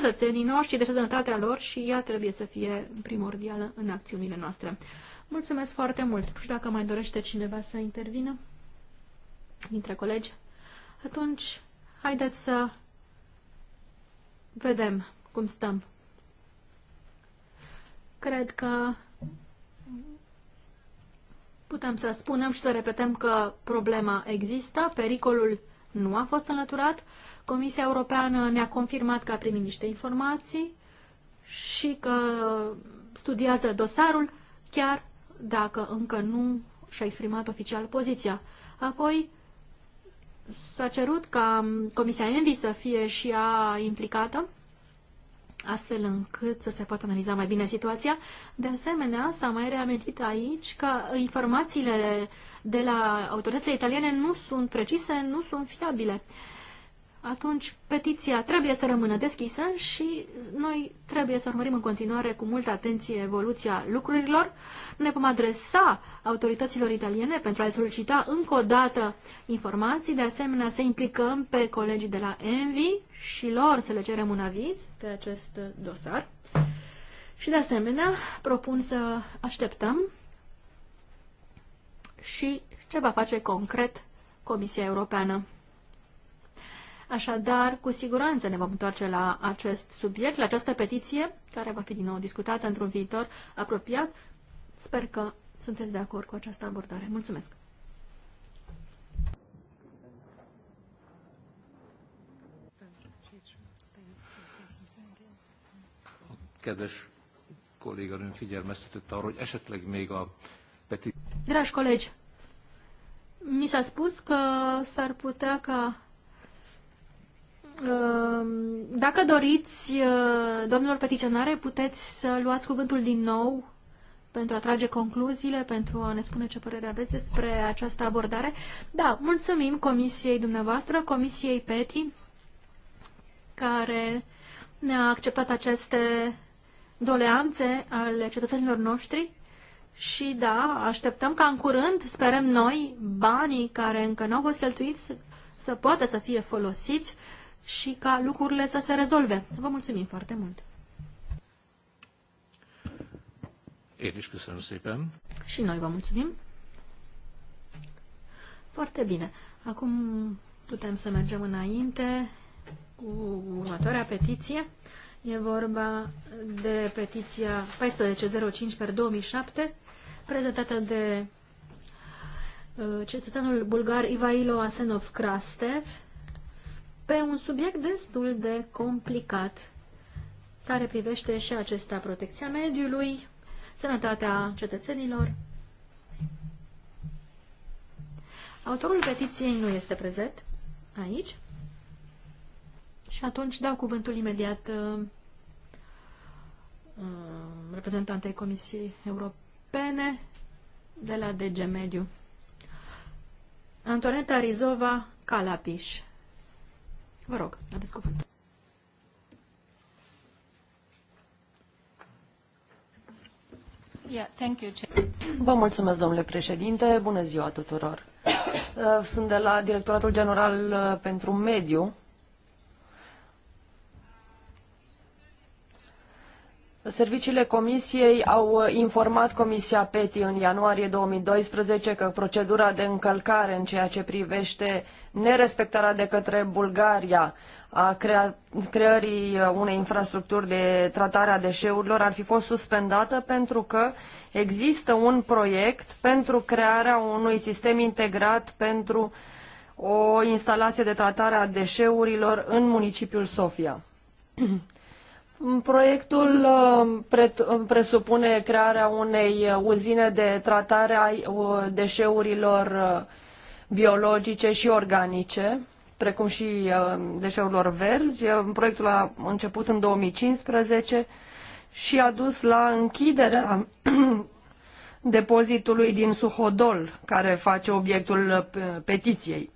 cetățenii noștri, de sănătatea lor și ea trebuie să fie primordială în acțiunile noastre. Mulțumesc foarte mult! știu dacă mai dorește cineva să intervină dintre colegi, atunci haideți să vedem cum stăm. Cred că putem să spunem și să repetăm că problema există, pericolul nu a fost înlăturat. Comisia Europeană ne-a confirmat că a primit niște informații și că studiază dosarul, chiar dacă încă nu și-a exprimat oficial poziția. Apoi s-a cerut ca Comisia Envi să fie și ea implicată astfel încât să se poată analiza mai bine situația. De asemenea, s-a mai reamintit aici că informațiile de la autoritățile italiene nu sunt precise, nu sunt fiabile. Atunci, petiția trebuie să rămână deschisă și noi trebuie să urmărim în continuare cu multă atenție evoluția lucrurilor. Ne vom adresa autorităților italiene pentru a solicita încă o dată informații. De asemenea, să implicăm pe colegii de la Envi și lor să le cerem un aviz pe acest dosar. Și de asemenea, propun să așteptăm și ce va face concret Comisia Europeană. Așadar, cu siguranță ne vom întoarce la acest subiect, la această petiție, care va fi din nou discutată într-un viitor apropiat. Sper că sunteți de acord cu această abordare. Mulțumesc! kedves kolléganőm figyelmeztetett arra, hogy esetleg még a peti... Dragi colegi, mi s-a spus că s-ar putea ca um, dacă doriți, uh, domnilor peticionare, puteți să luați cuvântul din nou pentru a trage concluziile, pentru a ne spune ce părere aveți despre această abordare. Da, mulțumim Comisiei dumneavoastră, Comisiei PETI, care ne-a acceptat aceste doleanțe ale cetățenilor noștri și da, așteptăm ca în curând, sperăm noi, banii care încă nu au fost cheltuiți să, să poată să fie folosiți și ca lucrurile să se rezolve. Vă mulțumim foarte mult! Erișcu să nu sipem. Și noi vă mulțumim. Foarte bine. Acum putem să mergem înainte cu următoarea petiție. E vorba de petiția 1405 per 2007, prezentată de uh, cetățeanul bulgar Ivailo Asenov Krastev, pe un subiect destul de complicat, care privește și acesta protecția mediului, sănătatea cetățenilor. Autorul petiției nu este prezent aici. Și atunci dau cuvântul imediat uh, uh, reprezentantei Comisiei Europene de la DG Mediu. Antoneta Rizova Calapiș. Vă rog, aveți cuvântul. Yeah, thank you. Vă mulțumesc, domnule președinte. Bună ziua tuturor. Uh, sunt de la Directoratul General pentru Mediu Serviciile Comisiei au uh, informat Comisia PETI în ianuarie 2012 că procedura de încălcare în ceea ce privește nerespectarea de către Bulgaria a crea creării uh, unei infrastructuri de tratare a deșeurilor ar fi fost suspendată pentru că există un proiect pentru crearea unui sistem integrat pentru o instalație de tratare a deșeurilor în municipiul Sofia. Proiectul uh, uh, presupune crearea unei uh, uzine de tratare a deșeurilor biologice și organice, precum și deșeurilor verzi. Proiectul a început în 2015 și a dus la închiderea depozitului din Suhodol, care face obiectul petiției.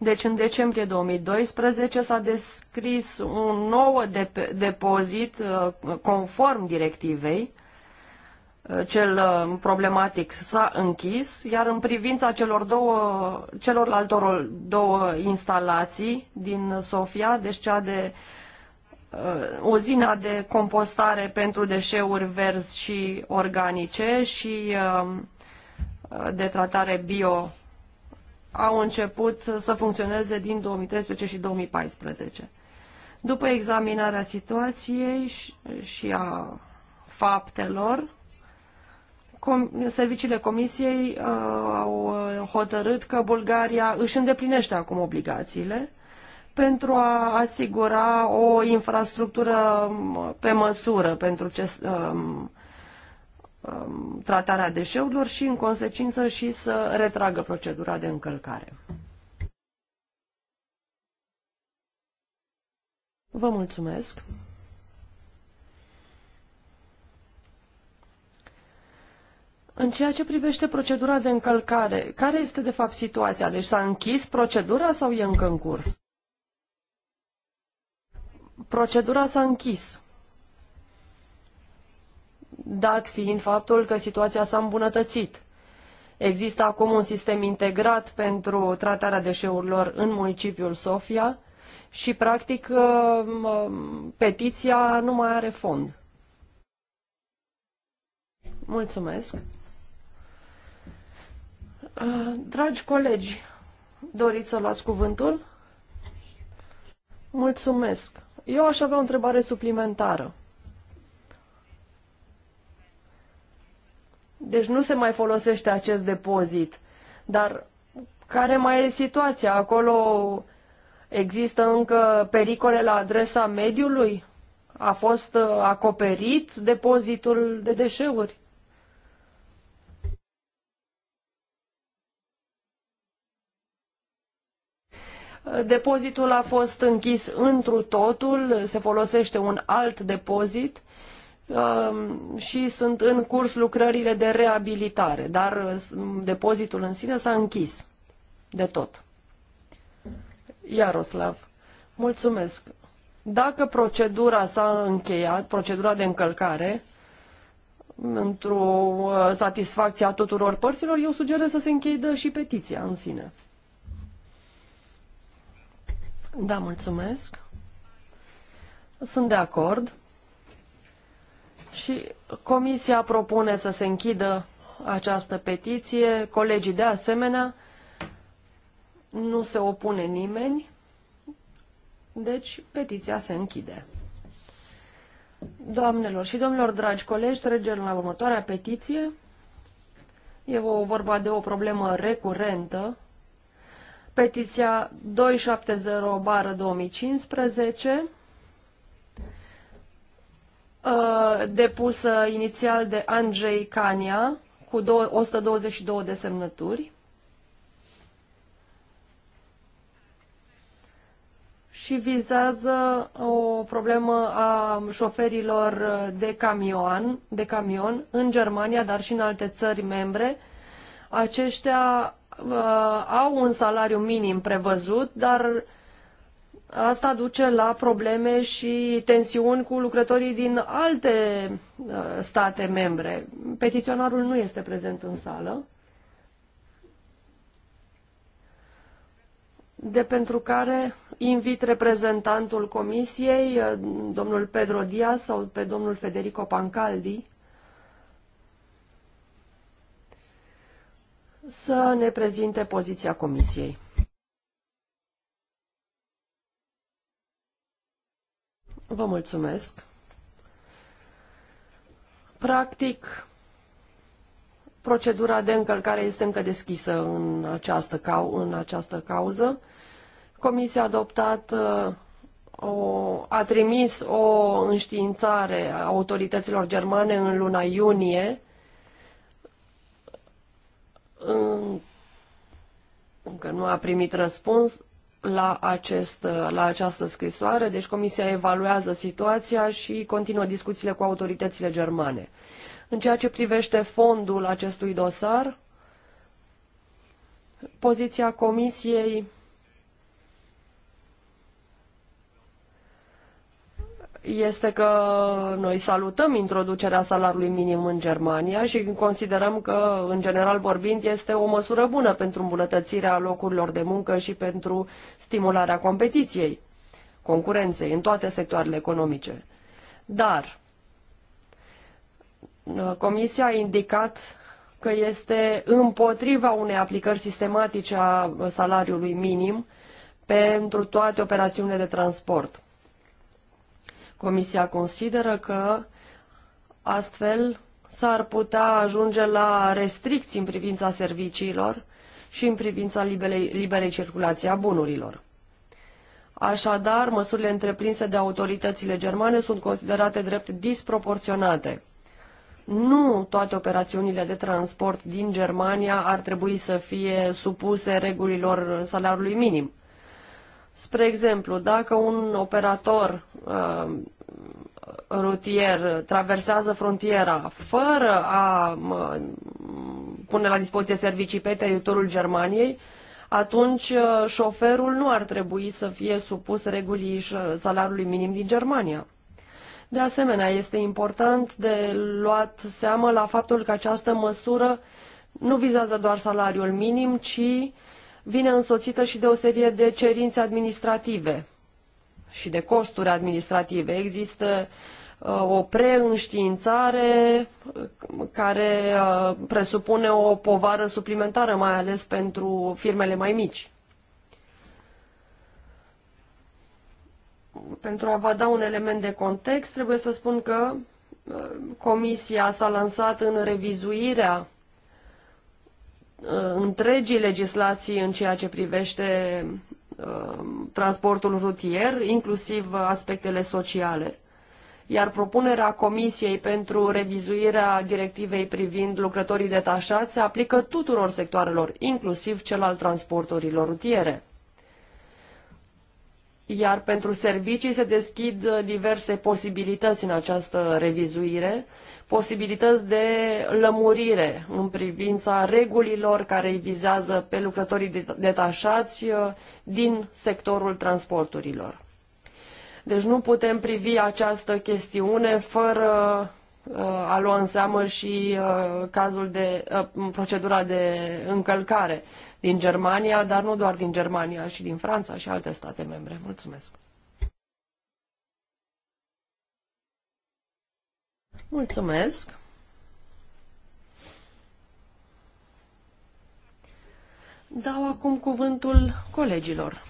Deci în decembrie 2012 s-a descris un nou dep depozit uh, conform directivei, uh, cel uh, problematic s-a închis, iar în privința celor două, celorlalte două instalații din Sofia, deci cea de uzina de compostare pentru deșeuri verzi și organice și de tratare bio au început să funcționeze din 2013 și 2014. După examinarea situației și a faptelor, com serviciile Comisiei uh, au uh, hotărât că Bulgaria își îndeplinește acum obligațiile pentru a asigura o infrastructură um, pe măsură pentru ce uh, Um, tratarea deșeurilor și, în consecință, și să retragă procedura de încălcare. Vă mulțumesc! În ceea ce privește procedura de încălcare, care este de fapt situația? Deci s-a închis procedura sau e încă în curs? Procedura s-a închis dat fiind faptul că situația s-a îmbunătățit. Există acum un sistem integrat pentru tratarea deșeurilor în municipiul Sofia și, practic, uh, petiția nu mai are fond. Mulțumesc. Uh, dragi colegi, doriți să luați cuvântul? Mulțumesc. Eu aș avea o întrebare suplimentară. Deci nu se mai folosește acest depozit. Dar care mai e situația? Acolo există încă pericole la adresa mediului? A fost uh, acoperit depozitul de deșeuri? Depozitul a fost închis întru totul, se folosește un alt depozit Um, și sunt în curs lucrările de reabilitare, dar uh, depozitul în sine s-a închis de tot. Iaroslav, mulțumesc. Dacă procedura s-a încheiat, procedura de încălcare, într-o uh, satisfacție a tuturor părților, eu sugerez să se încheidă și petiția în sine. Da, mulțumesc. Sunt de acord. Și comisia propune să se închidă această petiție, colegii de asemenea, nu se opune nimeni, deci petiția se închide. Doamnelor și domnilor, dragi colegi, trecem la următoarea petiție. E o vorba de o problemă recurentă. Petiția 270-2015 Uh, depusă inițial de Andrei Cania cu 122 de semnături și vizează o problemă a șoferilor de camion, de camion în Germania, dar și în alte țări membre. Aceștia uh, au un salariu minim prevăzut, dar Asta duce la probleme și tensiuni cu lucrătorii din alte uh, state membre. Petiționarul nu este prezent în sală. de pentru care invit reprezentantul comisiei, uh, domnul Pedro Diaz sau pe domnul Federico Pancaldi, să ne prezinte poziția comisiei. Vă mulțumesc. Practic, procedura de încălcare este încă deschisă în această, cau în această cauză. Comisia adoptat uh, o, a trimis o înștiințare a autorităților germane în luna iunie în, încă nu a primit răspuns la, acest, la această scrisoare, deci Comisia evaluează situația și continuă discuțiile cu autoritățile germane. În ceea ce privește fondul acestui dosar, poziția Comisiei este că noi salutăm introducerea salariului minim în Germania și considerăm că, în general vorbind, este o măsură bună pentru îmbunătățirea locurilor de muncă și pentru stimularea competiției, concurenței în toate sectoarele economice. Dar uh, Comisia a indicat că este împotriva unei aplicări sistematice a salariului minim pentru toate operațiunile de transport. Comisia consideră că astfel s-ar putea ajunge la restricții în privința serviciilor și în privința liberei, liberei circulații a bunurilor. Așadar, măsurile întreprinse de autoritățile germane sunt considerate drept disproporționate. Nu toate operațiunile de transport din Germania ar trebui să fie supuse regulilor salariului minim. Spre exemplu, dacă un operator uh, rutier traversează frontiera fără a pune la dispoziție servicii pe teritoriul Germaniei, atunci uh, șoferul nu ar trebui să fie supus regulii uh, salariului minim din Germania. De asemenea, este important de luat seamă la faptul că această măsură nu vizează doar salariul minim, ci vine însoțită și de o serie de cerințe administrative și de costuri administrative. Există uh, o preînștiințare uh, care uh, presupune o povară suplimentară, mai ales pentru firmele mai mici. Pentru a vă da un element de context, trebuie să spun că Comisia s-a lansat în revizuirea Uh, întregii legislații în ceea ce privește uh, transportul rutier, inclusiv aspectele sociale. Iar propunerea Comisiei pentru revizuirea directivei privind lucrătorii detașați se aplică tuturor sectoarelor, inclusiv cel al transporturilor rutiere iar pentru servicii se deschid uh, diverse posibilități în această revizuire, posibilități de lămurire în privința regulilor care îi vizează pe lucrătorii detașați uh, din sectorul transporturilor. Deci nu putem privi această chestiune fără Uh, a lua în seamă și uh, cazul de uh, procedura de încălcare din Germania, dar nu doar din Germania, și din Franța și alte state membre. Mulțumesc! Mulțumesc! Dau acum cuvântul colegilor.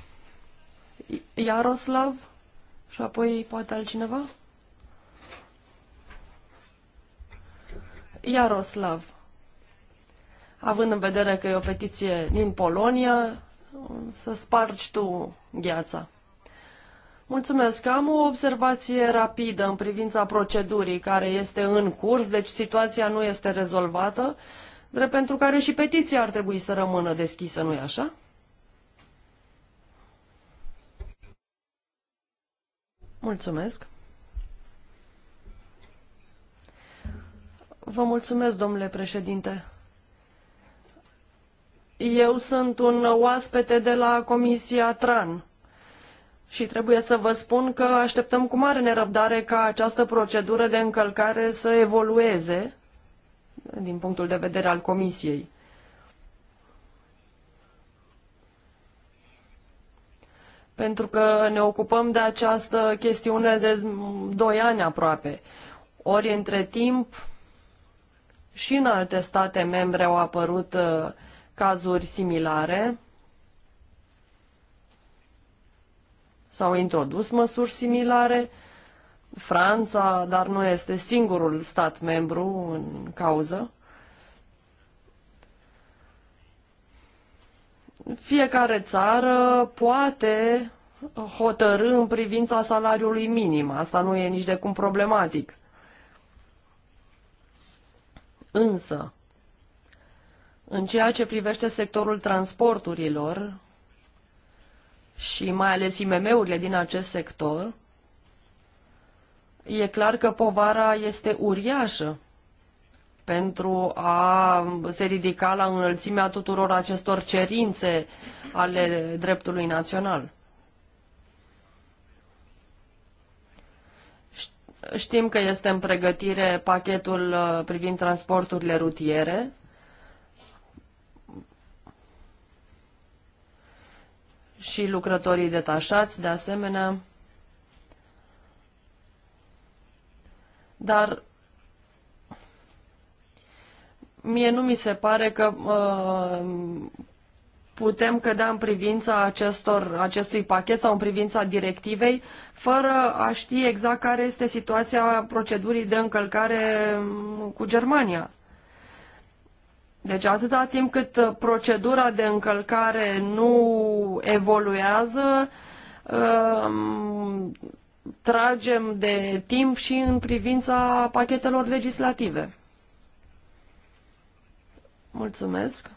Iaroslav și apoi poate altcineva? Iaroslav. Având în vedere că e o petiție din Polonia, să spargi tu gheața. Mulțumesc. Am o observație rapidă în privința procedurii care este în curs, deci situația nu este rezolvată, drept pentru care și petiția ar trebui să rămână deschisă, nu-i așa? Mulțumesc. Vă mulțumesc, domnule președinte. Eu sunt un oaspete de la Comisia TRAN și trebuie să vă spun că așteptăm cu mare nerăbdare ca această procedură de încălcare să evolueze din punctul de vedere al Comisiei. Pentru că ne ocupăm de această chestiune de doi ani aproape. Ori între timp, și în alte state membre au apărut uh, cazuri similare. S-au introdus măsuri similare. Franța, dar nu este singurul stat membru în cauză. Fiecare țară poate hotărâ în privința salariului minim. Asta nu e nici de cum problematic. Însă, în ceea ce privește sectorul transporturilor și mai ales IMM-urile din acest sector, e clar că povara este uriașă pentru a se ridica la înălțimea tuturor acestor cerințe ale dreptului național. Știm că este în pregătire pachetul uh, privind transporturile rutiere. Și lucrătorii detașați, de asemenea. Dar mie nu mi se pare că uh, putem cădea în privința acestor, acestui pachet sau în privința directivei, fără a ști exact care este situația procedurii de încălcare mm, cu Germania. Deci atâta timp cât uh, procedura de încălcare nu evoluează, um, tragem de timp și în privința pachetelor legislative. Mulțumesc.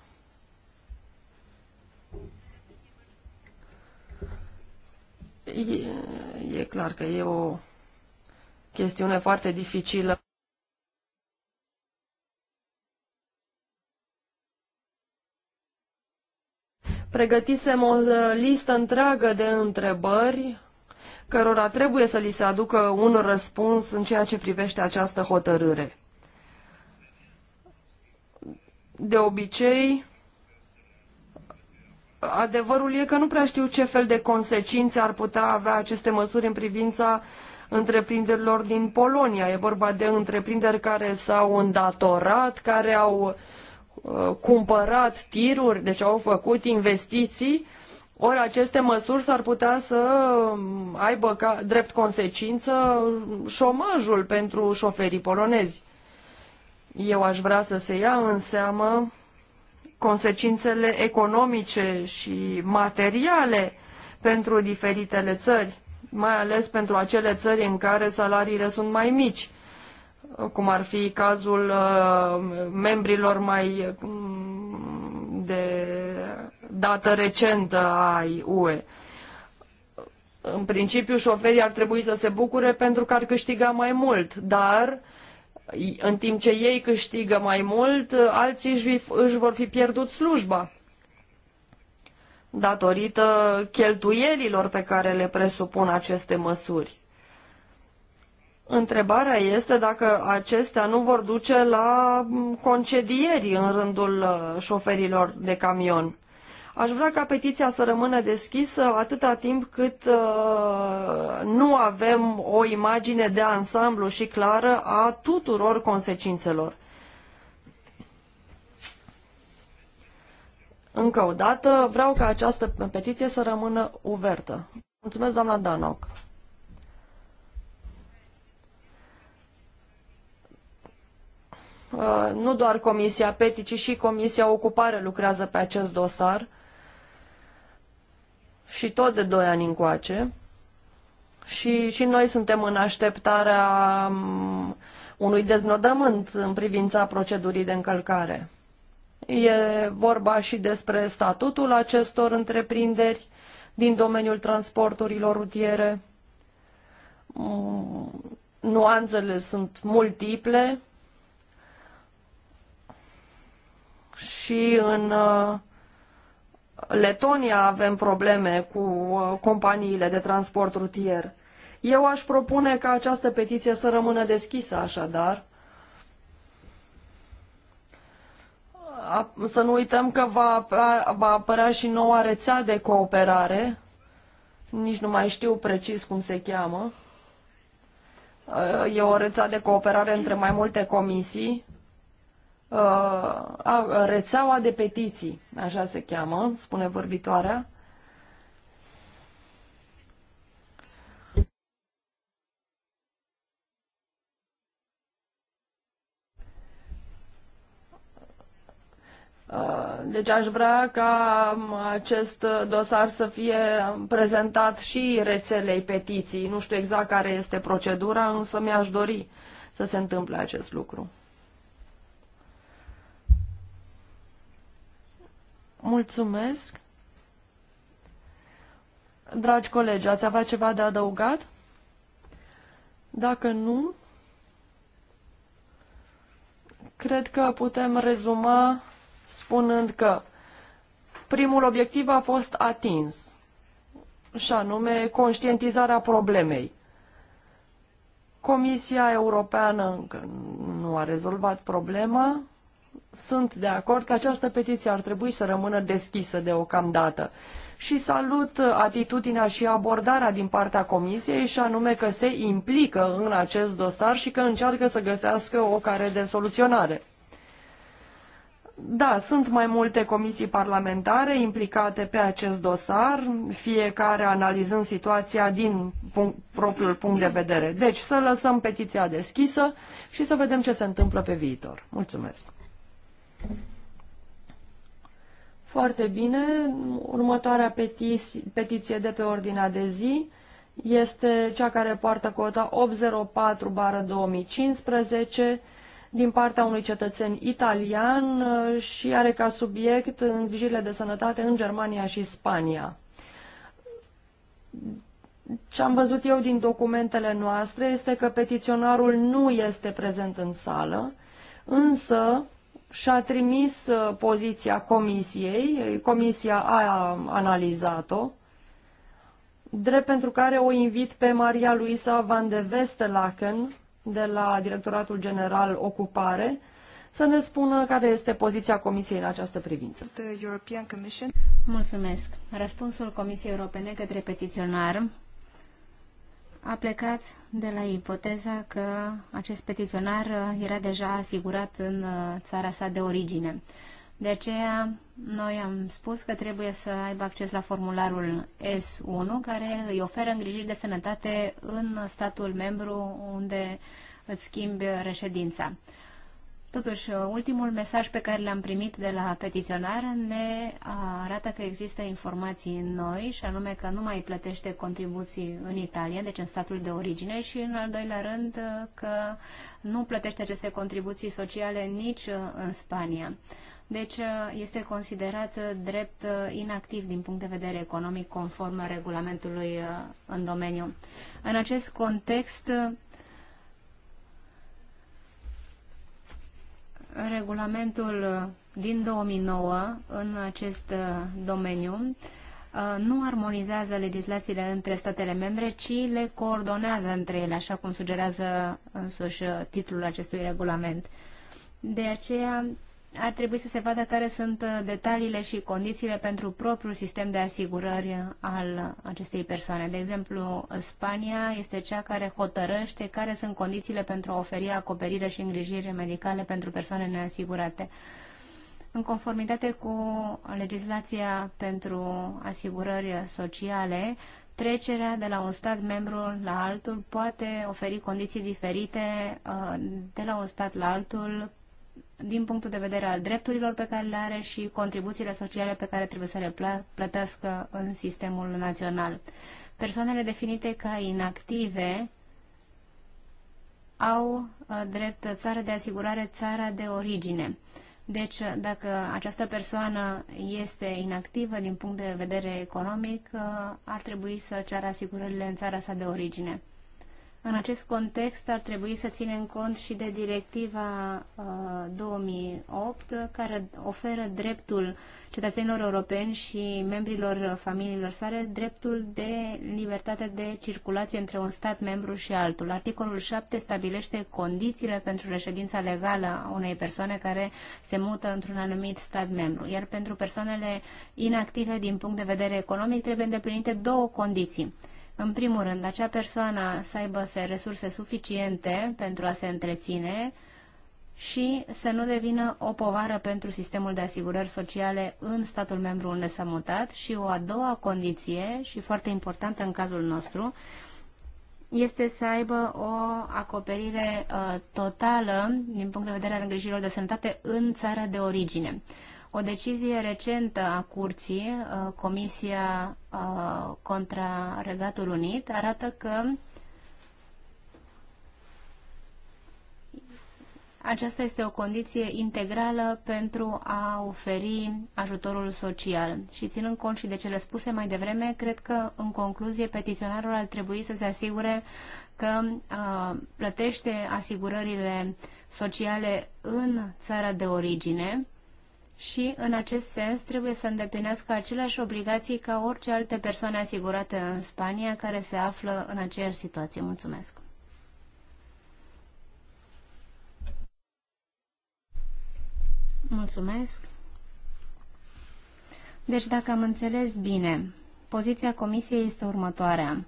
E, clar că e o chestiune foarte dificilă. Pregătisem o listă întreagă de întrebări cărora trebuie să li se aducă un răspuns în ceea ce privește această hotărâre. De obicei, adevărul e că nu prea știu ce fel de consecințe ar putea avea aceste măsuri în privința întreprinderilor din Polonia. E vorba de întreprinderi care s-au îndatorat, care au uh, cumpărat tiruri, deci au făcut investiții, ori aceste măsuri s-ar putea să um, aibă ca drept consecință șomajul pentru șoferii polonezi. Eu aș vrea să se ia în seamă consecințele economice și materiale pentru diferitele țări, mai ales pentru acele țări în care salariile sunt mai mici, cum ar fi cazul uh, membrilor mai um, de dată recentă ai UE. În principiu, șoferii ar trebui să se bucure pentru că ar câștiga mai mult, dar în timp ce ei câștigă mai mult, alții își, își vor fi pierdut slujba datorită cheltuielilor pe care le presupun aceste măsuri. Întrebarea este dacă acestea nu vor duce la concedieri în rândul uh, șoferilor de camion. Aș vrea ca petiția să rămână deschisă atâta timp cât uh, nu avem o imagine de ansamblu și clară a tuturor consecințelor. Încă o dată, vreau ca această petiție să rămână uvertă. Mulțumesc, doamna Danoc. Uh, nu doar Comisia PETI, ci și Comisia Ocupare lucrează pe acest dosar și tot de doi ani încoace. Și, și noi suntem în așteptarea mm, unui deznodământ în privința procedurii de încălcare. E vorba și despre statutul acestor întreprinderi din domeniul transporturilor rutiere. Mm, nuanțele sunt multiple și în uh, Letonia avem probleme cu uh, companiile de transport rutier. Eu aș propune ca această petiție să rămână deschisă așadar. Să nu uităm că va, va apărea și noua rețea de cooperare, nici nu mai știu precis cum se cheamă. Uh, e o rețea de cooperare între mai multe comisii uh, rețeaua de petiții, așa se cheamă, spune vorbitoarea. Uh, deci aș vrea ca um, acest dosar să fie prezentat și rețelei petiții. Nu știu exact care este procedura, însă mi-aș dori să se întâmple acest lucru. Mulțumesc. Dragi colegi, ați avea ceva de adăugat? Dacă nu, cred că putem rezuma spunând că primul obiectiv a fost atins, și anume conștientizarea problemei. Comisia Europeană încă nu a rezolvat problema, sunt de acord că această petiție ar trebui să rămână deschisă deocamdată și salut atitudinea și abordarea din partea Comisiei și anume că se implică în acest dosar și că încearcă să găsească o care de soluționare. Da, sunt mai multe comisii parlamentare implicate pe acest dosar, fiecare analizând situația din punct, propriul punct de vedere. Deci să lăsăm petiția deschisă și să vedem ce se întâmplă pe viitor. Mulțumesc! Foarte bine. Următoarea petiție, petiție de pe ordinea de zi este cea care poartă cota 804 2015 din partea unui cetățen italian și are ca subiect îngrijirile de sănătate în Germania și Spania. Ce am văzut eu din documentele noastre este că petiționarul nu este prezent în sală, însă și-a trimis uh, poziția comisiei, comisia a analizat-o, drept pentru care o invit pe Maria Luisa van de Vestelaken de la Directoratul General Ocupare să ne spună care este poziția Comisiei în această privință. Mulțumesc. Răspunsul Comisiei Europene către petiționar a plecat de la ipoteza că acest petiționar uh, era deja asigurat în uh, țara sa de origine. De aceea, noi am spus că trebuie să aibă acces la formularul S1, care îi oferă îngrijiri de sănătate în statul membru unde îți schimbi reședința. Totuși, ultimul mesaj pe care l-am primit de la petiționar ne arată că există informații noi și anume că nu mai plătește contribuții în Italia, deci în statul de origine și în al doilea rând că nu plătește aceste contribuții sociale nici în Spania. Deci este considerat drept inactiv din punct de vedere economic conform regulamentului în domeniu. În acest context, regulamentul din 2009 în acest uh, domeniu uh, nu armonizează legislațiile între statele membre, ci le coordonează între ele, așa cum sugerează însuși uh, titlul acestui regulament. De aceea ar trebui să se vadă care sunt uh, detaliile și condițiile pentru propriul sistem de asigurări uh, al acestei persoane. De exemplu, Spania este cea care hotărăște care sunt condițiile pentru a oferi acoperire și îngrijire medicale pentru persoane neasigurate. În conformitate cu legislația pentru asigurări sociale, trecerea de la un stat membru la altul poate oferi condiții diferite uh, de la un stat la altul din punctul de vedere al drepturilor pe care le are și contribuțiile sociale pe care trebuie să le plătească în sistemul național. Persoanele definite ca inactive au uh, drept țară de asigurare țara de origine. Deci, uh, dacă această persoană este inactivă din punct de vedere economic, uh, ar trebui să ceară asigurările în țara sa de origine. În acest context ar trebui să ținem cont și de directiva 2008 uh, care oferă dreptul cetățenilor europeni și membrilor familiilor sale dreptul de libertate de circulație între un stat membru și altul. Articolul 7 stabilește condițiile pentru reședința legală a unei persoane care se mută într-un anumit stat membru. Iar pentru persoanele inactive din punct de vedere economic trebuie îndeplinite două condiții în primul rând, acea persoană să aibă resurse suficiente pentru a se întreține și să nu devină o povară pentru sistemul de asigurări sociale în statul membru unde s-a mutat și o a doua condiție și foarte importantă în cazul nostru este să aibă o acoperire uh, totală din punct de vedere al îngrijirilor de sănătate în țara de origine. Uh, o decizie recentă a curții, uh, Comisia uh, contra Regatul Unit, arată că Aceasta este o condiție integrală pentru a oferi ajutorul social. Și ținând cont și de cele spuse mai devreme, cred că, în concluzie, petiționarul ar trebui să se asigure că uh, plătește asigurările sociale în țara de origine și, în acest sens, trebuie să îndeplinească aceleași obligații ca orice alte persoane asigurate în Spania care se află în aceeași situație. Mulțumesc! Mulțumesc! Deci, dacă am înțeles bine, poziția Comisiei este următoarea,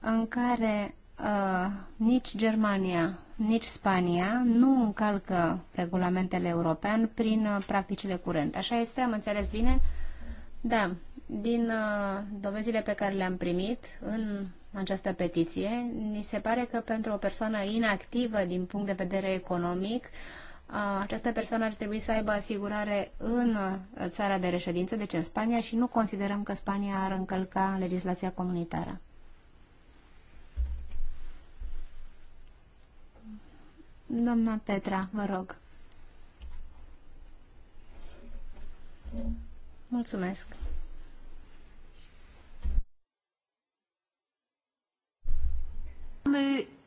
în care uh, nici Germania, nici Spania nu încalcă regulamentele european prin uh, practicile curente. Așa este? Am înțeles bine? Da. Din uh, dovezile pe care le-am primit în această petiție, ni se pare că pentru o persoană inactivă din punct de vedere economic, uh, această persoană ar trebui să aibă asigurare în țara de reședință, deci în Spania, și nu considerăm că Spania ar încălca legislația comunitară. Doamna Petra, vă rog. Mulțumesc. Am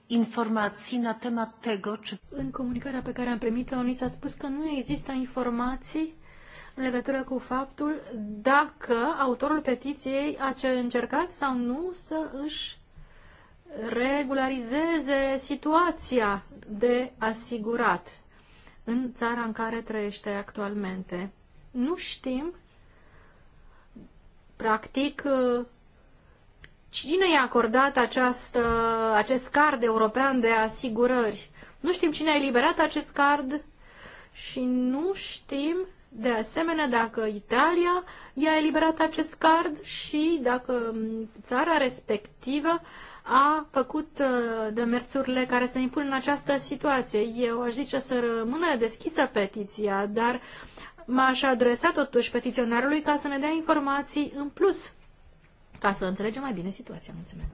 informații na tema tego, czy... În comunicarea pe care am primit-o, ni s-a spus că nu există informații în legătură cu faptul dacă autorul petiției a încercat sau nu să își regularizeze situația de asigurat în țara în care trăiește actualmente. Nu știm, practic, cine i-a acordat această, acest card european de asigurări. Nu știm cine a eliberat acest card și nu știm, de asemenea, dacă Italia i-a eliberat acest card și dacă țara respectivă a făcut uh, demersurile care se impun în această situație. Eu aș zice să rămână deschisă petiția, dar m-aș adresa totuși petiționarului ca să ne dea informații în plus, ca să înțelegem mai bine situația. Mulțumesc.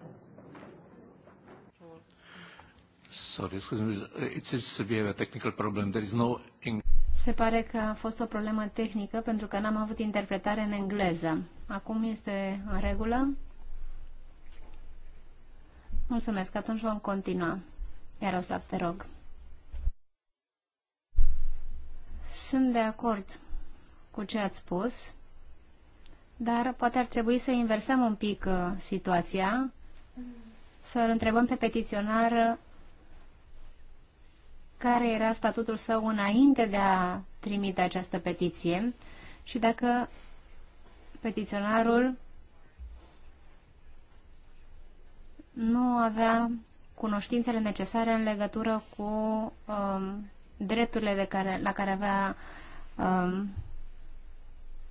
Sorry, excuse me. It seems to be a technical problem. There is no Se pare că a fost o problemă tehnică pentru că n-am avut interpretare în engleză. Acum este în regulă? Mulțumesc, atunci vom continua. Iaroslav, te rog. Sunt de acord cu ce ați spus, dar poate ar trebui să inversăm un pic uh, situația, să îl întrebăm pe petiționar uh, care era statutul său înainte de a trimite această petiție și dacă petiționarul nu avea cunoștințele necesare în legătură cu um, drepturile de care, la care avea um,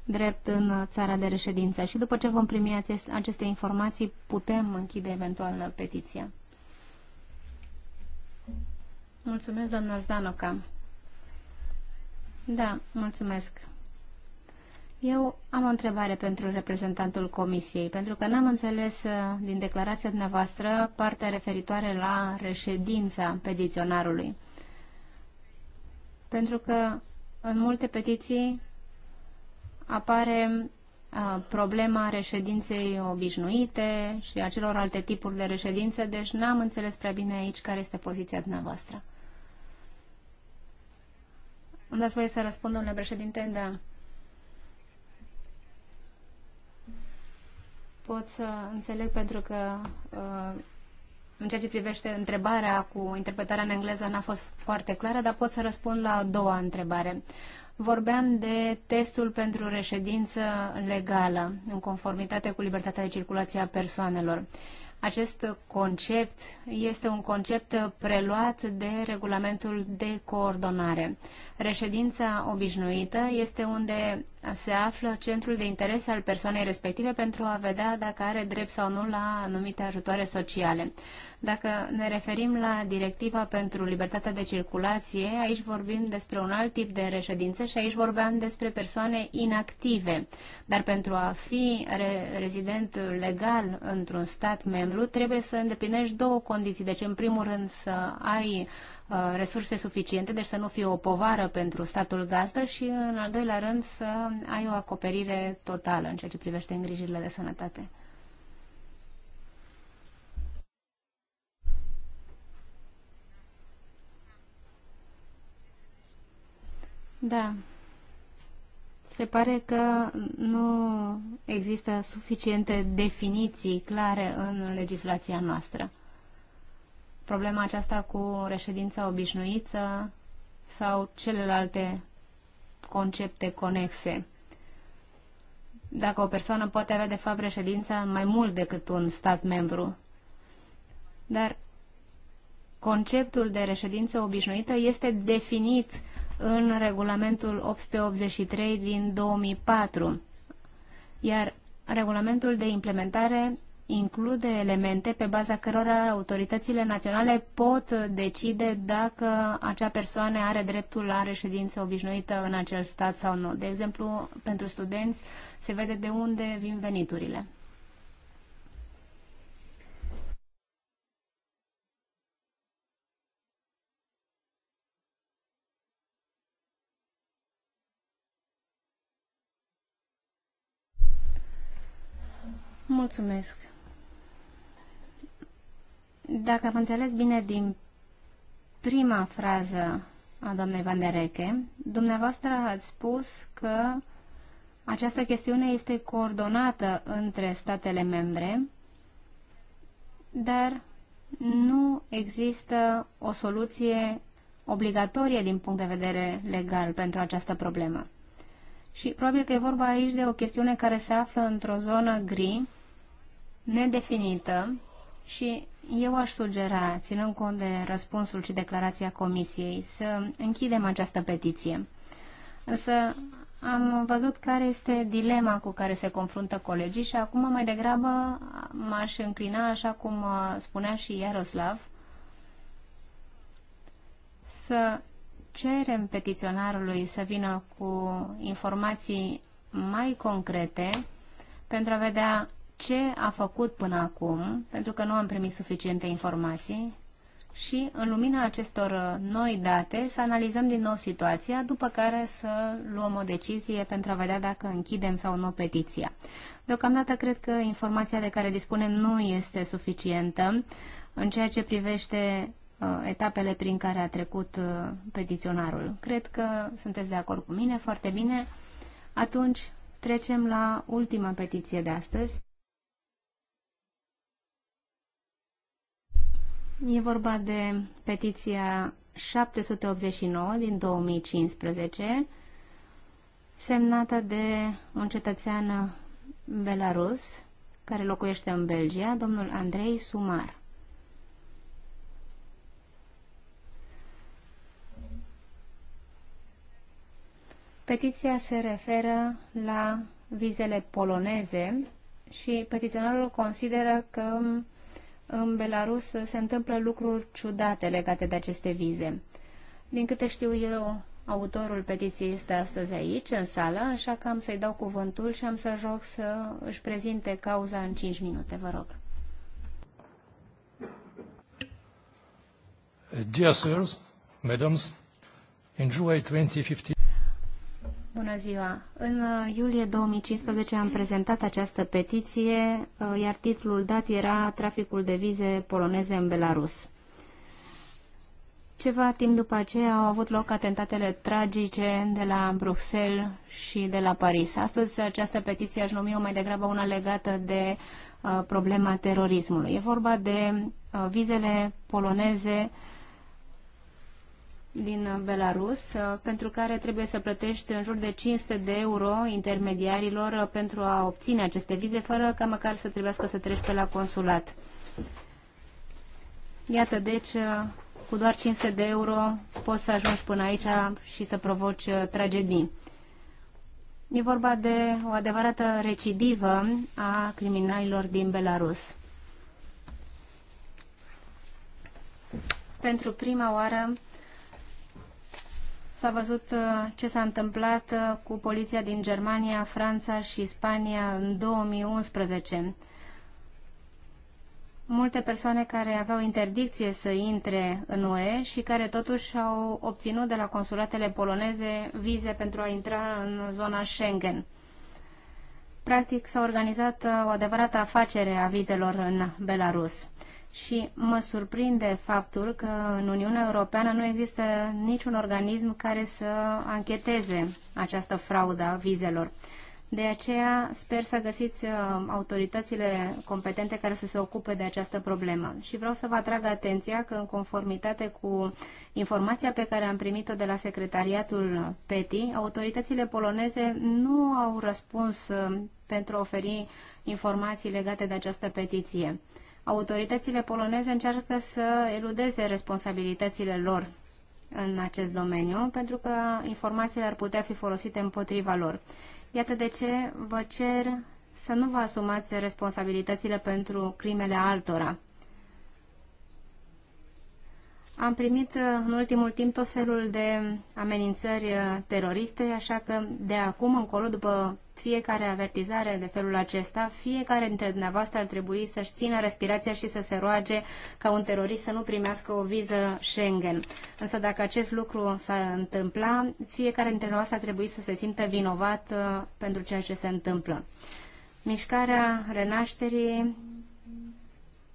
drept în țara de reședință. Și după ce vom primi aceste, aceste informații, putem închide eventual petiția. Mulțumesc, doamna Zdanoca. Da, mulțumesc. Eu am o întrebare pentru reprezentantul Comisiei, pentru că n-am înțeles uh, din declarația dumneavoastră partea referitoare la reședința petiționarului. Pentru că în multe petiții apare uh, problema reședinței obișnuite și a celor alte tipuri de reședință, deci n-am înțeles prea bine aici care este poziția dumneavoastră. Îmi dați voie să răspund, domnule președinte? Da. pot să înțeleg pentru că uh, în ceea ce privește întrebarea cu interpretarea în engleză n-a fost foarte clară, dar pot să răspund la a doua întrebare. Vorbeam de testul pentru reședință legală, în conformitate cu libertatea de circulație a persoanelor. Acest concept este un concept preluat de regulamentul de coordonare. Reședința obișnuită este unde se află centrul de interes al persoanei respective pentru a vedea dacă are drept sau nu la anumite ajutoare sociale. Dacă ne referim la directiva pentru libertatea de circulație, aici vorbim despre un alt tip de reședință și aici vorbeam despre persoane inactive. Dar pentru a fi re- rezident legal într-un stat membru, trebuie să îndeplinești două condiții. Deci, în primul rând, să ai uh, Uh, resurse suficiente, deci să nu fie o povară pentru statul gazdă și, în al doilea rând, să ai o acoperire totală în ceea ce privește îngrijirile de sănătate. Da. Se pare că nu există suficiente definiții clare în legislația noastră problema aceasta cu reședința obișnuită sau celelalte concepte conexe. Dacă o persoană poate avea, de fapt, reședința mai mult decât un stat membru. Dar conceptul de reședință obișnuită este definit în regulamentul 883 din 2004, iar regulamentul de implementare include elemente pe baza cărora autoritățile naționale pot decide dacă acea persoană are dreptul la reședință obișnuită în acel stat sau nu. De exemplu, pentru studenți se vede de unde vin veniturile. Mulțumesc. Dacă am înțeles bine din prima frază a doamnei Vandereche, dumneavoastră ați spus că această chestiune este coordonată între statele membre, dar nu există o soluție obligatorie din punct de vedere legal pentru această problemă. Și probabil că e vorba aici de o chestiune care se află într-o zonă gri, nedefinită și eu aș sugera, ținând cont de răspunsul și declarația Comisiei, să închidem această petiție. Însă am văzut care este dilema cu care se confruntă colegii și acum mai degrabă m-aș înclina, așa cum uh, spunea și Iaroslav, să cerem petiționarului să vină cu informații mai concrete pentru a vedea ce a făcut până acum, pentru că nu am primit suficiente informații și în lumina acestor uh, noi date să analizăm din nou situația, după care să luăm o decizie pentru a vedea dacă închidem sau nu petiția. Deocamdată cred că informația de care dispunem nu este suficientă în ceea ce privește uh, etapele prin care a trecut uh, petiționarul. Cred că sunteți de acord cu mine, foarte bine. Atunci trecem la ultima petiție de astăzi. E vorba de petiția 789 din 2015, semnată de un cetățean belarus care locuiește în Belgia, domnul Andrei Sumar. Petiția se referă la vizele poloneze și petiționarul consideră că în Belarus se întâmplă lucruri ciudate legate de aceste vize. Din câte știu eu, autorul petiției este astăzi aici, în sală, așa că am să-i dau cuvântul și am să rog să își prezinte cauza în 5 minute, vă rog. Dear sirs, madams, in July 2015... Bună ziua! În uh, iulie 2015 am prezentat această petiție, uh, iar titlul dat era Traficul de vize poloneze în Belarus. Ceva timp după aceea au avut loc atentatele tragice de la Bruxelles și de la Paris. Astăzi această petiție aș numi-o mai degrabă una legată de uh, problema terorismului. E vorba de uh, vizele poloneze uh, din Belarus, uh, pentru care trebuie să plătești în jur de 500 de euro intermediarilor uh, pentru a obține aceste vize, fără ca măcar să trebuiască să treci pe la consulat. Iată, deci, uh, cu doar 500 de euro poți să ajungi până aici și să provoci tragedii. E vorba de o adevărată recidivă a criminalilor din Belarus. Pentru prima oară, S-a văzut uh, ce s-a întâmplat uh, cu poliția din Germania, Franța și Spania în 2011. Multe persoane care aveau interdicție să intre în UE și care totuși au obținut de la consulatele poloneze vize pentru a intra în zona Schengen. Practic s-a organizat uh, o adevărată afacere a vizelor în Belarus și mă surprinde faptul că în Uniunea Europeană nu există niciun organism care să ancheteze această fraudă a vizelor. De aceea sper să găsiți uh, autoritățile competente care să se ocupe de această problemă. Și vreau să vă atrag atenția că în conformitate cu informația pe care am primit-o de la secretariatul PETI, autoritățile poloneze nu au răspuns uh, pentru a oferi informații legate de această petiție. Autoritățile poloneze încearcă să eludeze responsabilitățile lor în acest domeniu, pentru că informațiile ar putea fi folosite împotriva lor. Iată de ce vă cer să nu vă asumați responsabilitățile pentru crimele altora. Am primit uh, în ultimul timp tot felul de amenințări uh, teroriste, așa că de acum încolo, după fiecare avertizare de felul acesta, fiecare dintre dumneavoastră ar trebui să-și țină respirația și să se roage ca un terorist să nu primească o viză Schengen. Însă dacă acest lucru s-a întâmpla, fiecare dintre noastre ar trebui să se simtă vinovat uh, pentru ceea ce se întâmplă. Mișcarea renașterii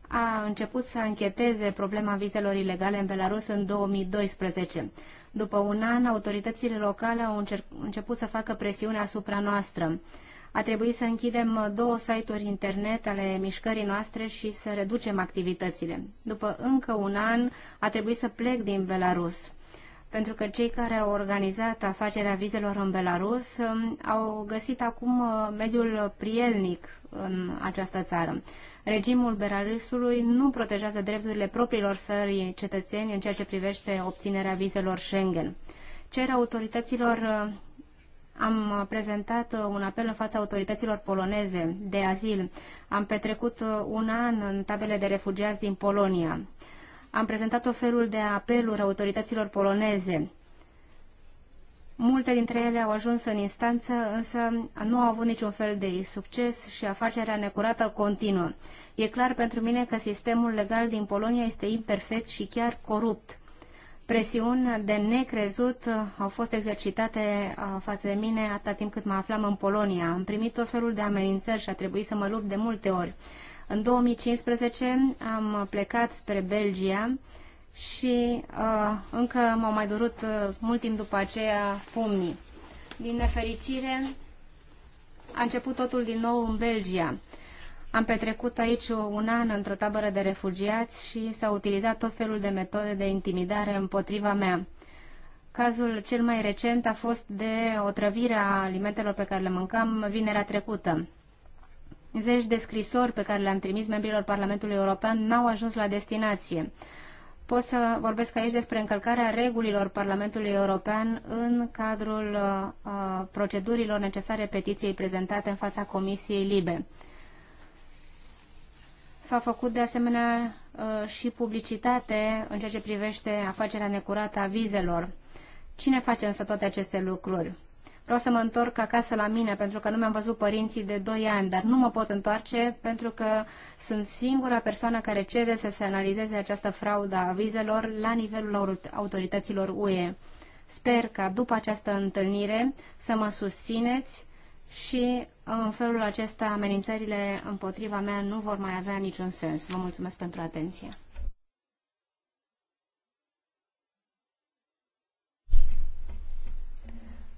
a început să încheteze problema vizelor ilegale în Belarus în 2012. După un an, autoritățile locale au început să facă presiune asupra noastră. A trebuit să închidem două site-uri internet ale mișcării noastre și să reducem activitățile. După încă un an, a trebuit să plec din Belarus pentru că cei care au organizat afacerea vizelor în Belarus um, au găsit acum uh, mediul prielnic în această țară. Regimul Belarusului nu protejează drepturile propriilor sări cetățeni în ceea ce privește obținerea vizelor Schengen. Cer autorităților uh, am prezentat uh, un apel în fața autorităților poloneze de azil. Am petrecut un an în tabele de refugiați din Polonia am prezentat o felul de apeluri autorităților poloneze. Multe dintre ele au ajuns în instanță, însă nu au avut niciun fel de succes și afacerea necurată continuă. E clar pentru mine că sistemul legal din Polonia este imperfect și chiar corupt. Presiuni de necrezut au fost exercitate față de mine atâta timp cât mă aflam în Polonia. Am primit tot felul de amenințări și a trebuit să mă lupt de multe ori. În 2015 am plecat spre Belgia și uh, încă m-au mai durut uh, mult timp după aceea pumnii. Din nefericire, a început totul din nou în Belgia. Am petrecut aici un an într-o tabără de refugiați și s-au utilizat tot felul de metode de intimidare împotriva mea. Cazul cel mai recent a fost de otrăvirea alimentelor pe care le mâncam vinerea trecută zeci de scrisori pe care le-am trimis membrilor Parlamentului European n-au ajuns la destinație. Pot să vorbesc aici despre încălcarea regulilor Parlamentului European în cadrul uh, uh, procedurilor necesare petiției prezentate în fața Comisiei Libe. S-au făcut de asemenea uh, și publicitate în ceea ce privește afacerea necurată a vizelor. Cine face însă toate aceste lucruri? Vreau să mă întorc acasă la mine pentru că nu mi-am văzut părinții de 2 ani, dar nu mă pot întoarce pentru că sunt singura persoană care cede să se analizeze această fraudă a vizelor la nivelul autorităților UE. Sper ca după această întâlnire să mă susțineți și în felul acesta amenințările împotriva mea nu vor mai avea niciun sens. Vă mulțumesc pentru atenție.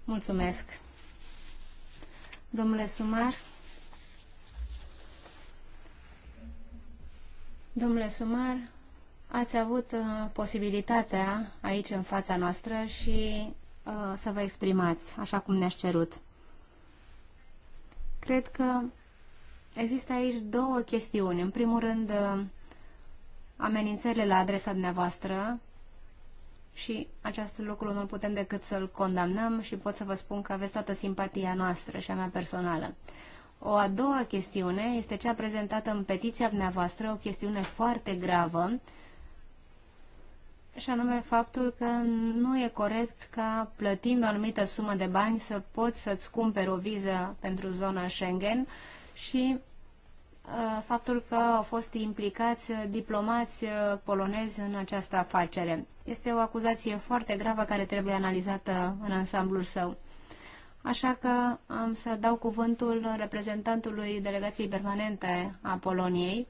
Mulțumesc. Domnule Sumar? Domnule Sumar, ați avut uh, posibilitatea aici în fața noastră și uh, să vă exprimați așa cum ne-ați cerut. Cred că există aici două chestiuni. În primul rând, uh, amenințările la adresa dumneavoastră și acest lucru nu-l putem decât să-l condamnăm și pot să vă spun că aveți toată simpatia noastră și a mea personală. O a doua chestiune este cea prezentată în petiția dumneavoastră, o chestiune foarte gravă, și anume faptul că nu e corect ca plătind o anumită sumă de bani să poți să-ți cumperi o viză pentru zona Schengen și Uh, faptul că au fost implicați uh, diplomați uh, polonezi în această afacere. Este o acuzație foarte gravă care trebuie analizată în ansamblul său. Așa că am să dau cuvântul reprezentantului delegației permanente a Poloniei.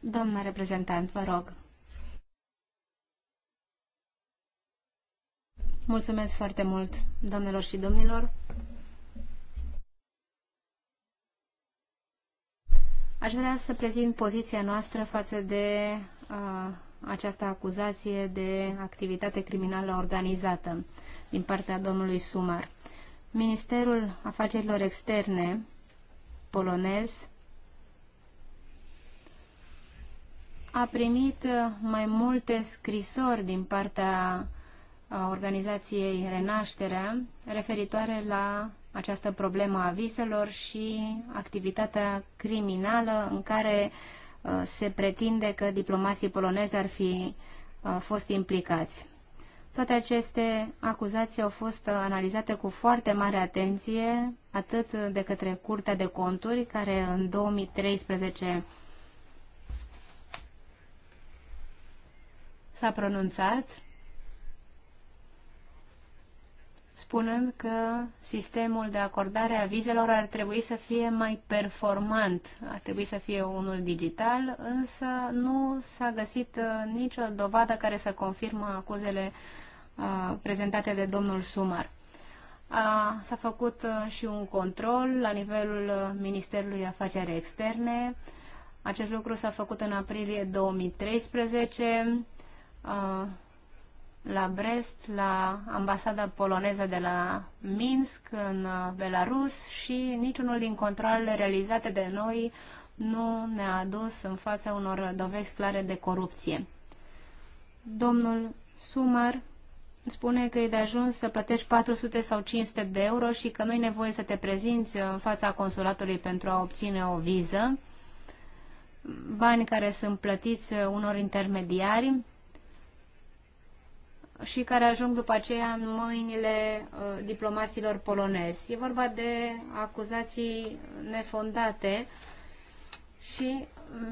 Doamna reprezentant, vă rog. Mulțumesc foarte mult, domnilor și domnilor. Aș vrea să prezint poziția noastră față de uh, această acuzație de activitate criminală organizată din partea domnului Sumar. Ministerul Afacerilor Externe polonez a primit uh, mai multe scrisori din partea uh, organizației Renașterea referitoare la această problemă a viselor și activitatea criminală în care uh, se pretinde că diplomații polonezi ar fi uh, fost implicați. Toate aceste acuzații au fost uh, analizate cu foarte mare atenție, atât de către Curtea de Conturi, care în 2013 s-a pronunțat spunând că sistemul de acordare a vizelor ar trebui să fie mai performant, ar trebui să fie unul digital, însă nu s-a găsit uh, nicio dovadă care să confirmă acuzele uh, prezentate de domnul Sumar. S-a făcut uh, și un control la nivelul Ministerului Afaceri Externe. Acest lucru s-a făcut în aprilie 2013 la Brest, la ambasada poloneză de la Minsk, în uh, Belarus și niciunul din controlele realizate de noi nu ne-a adus în fața unor dovezi clare de corupție. Domnul Sumar spune că e de ajuns să plătești 400 sau 500 de euro și că nu e nevoie să te prezinți în fața consulatului pentru a obține o viză, bani care sunt plătiți unor intermediari și care ajung după aceea în mâinile uh, diplomaților polonezi. E vorba de acuzații nefondate și,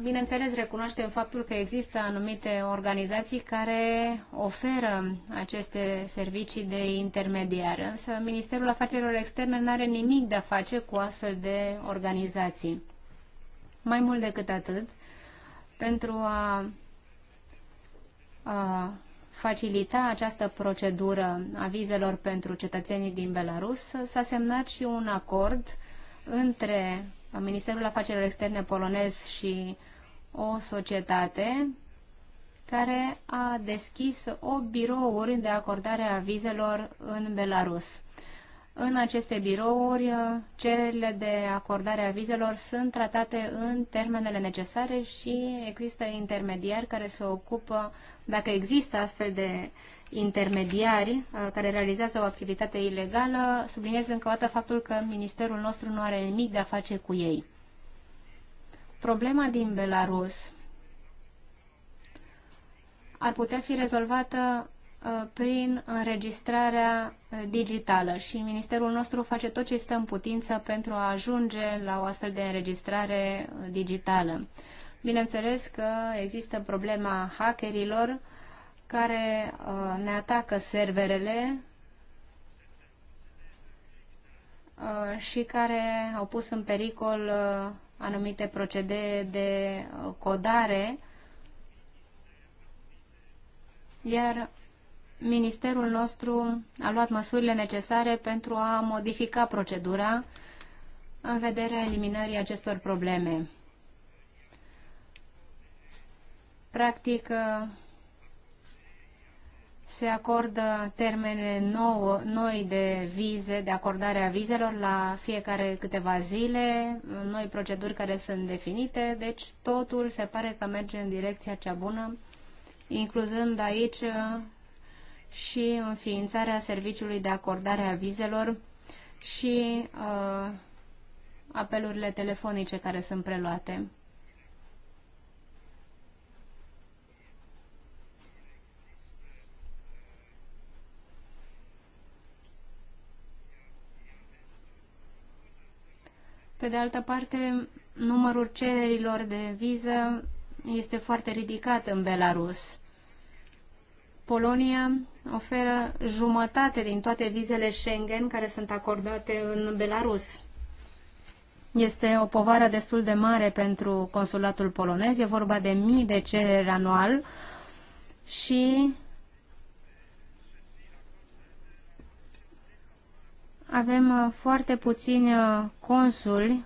bineînțeles, recunoaștem faptul că există anumite organizații care oferă aceste servicii de intermediar, însă Ministerul Afacerilor Externe nu are nimic de a face cu astfel de organizații. Mai mult decât atât, pentru a, a facilita această procedură a vizelor pentru cetățenii din Belarus, s-a semnat și un acord între Ministerul Afacerilor Externe polonez și o societate care a deschis o birouri de acordare a vizelor în Belarus. În aceste birouri, cele de acordare a vizelor sunt tratate în termenele necesare și există intermediari care se ocupă dacă există astfel de intermediari uh, care realizează o activitate ilegală, subliniez încă o dată faptul că ministerul nostru nu are nimic de a face cu ei. Problema din Belarus ar putea fi rezolvată uh, prin înregistrarea uh, digitală și ministerul nostru face tot ce stă în putință pentru a ajunge la o astfel de înregistrare digitală. Bineînțeles că există problema hackerilor care uh, ne atacă serverele uh, și care au pus în pericol uh, anumite procedee de codare, iar ministerul nostru a luat măsurile necesare pentru a modifica procedura în vederea eliminării acestor probleme. Practic, uh, se acordă termene nouă, noi de vize, de acordare a vizelor la fiecare câteva zile, noi proceduri care sunt definite, deci totul se pare că merge în direcția cea bună, incluzând aici uh, și înființarea serviciului de acordare a vizelor și uh, apelurile telefonice care sunt preluate. Pe de altă parte, numărul cererilor de viză este foarte ridicat în Belarus. Polonia oferă jumătate din toate vizele Schengen care sunt acordate în Belarus. Este o povară destul de mare pentru consulatul polonez, e vorba de mii de cereri anual și avem uh, foarte puțini uh, consuli.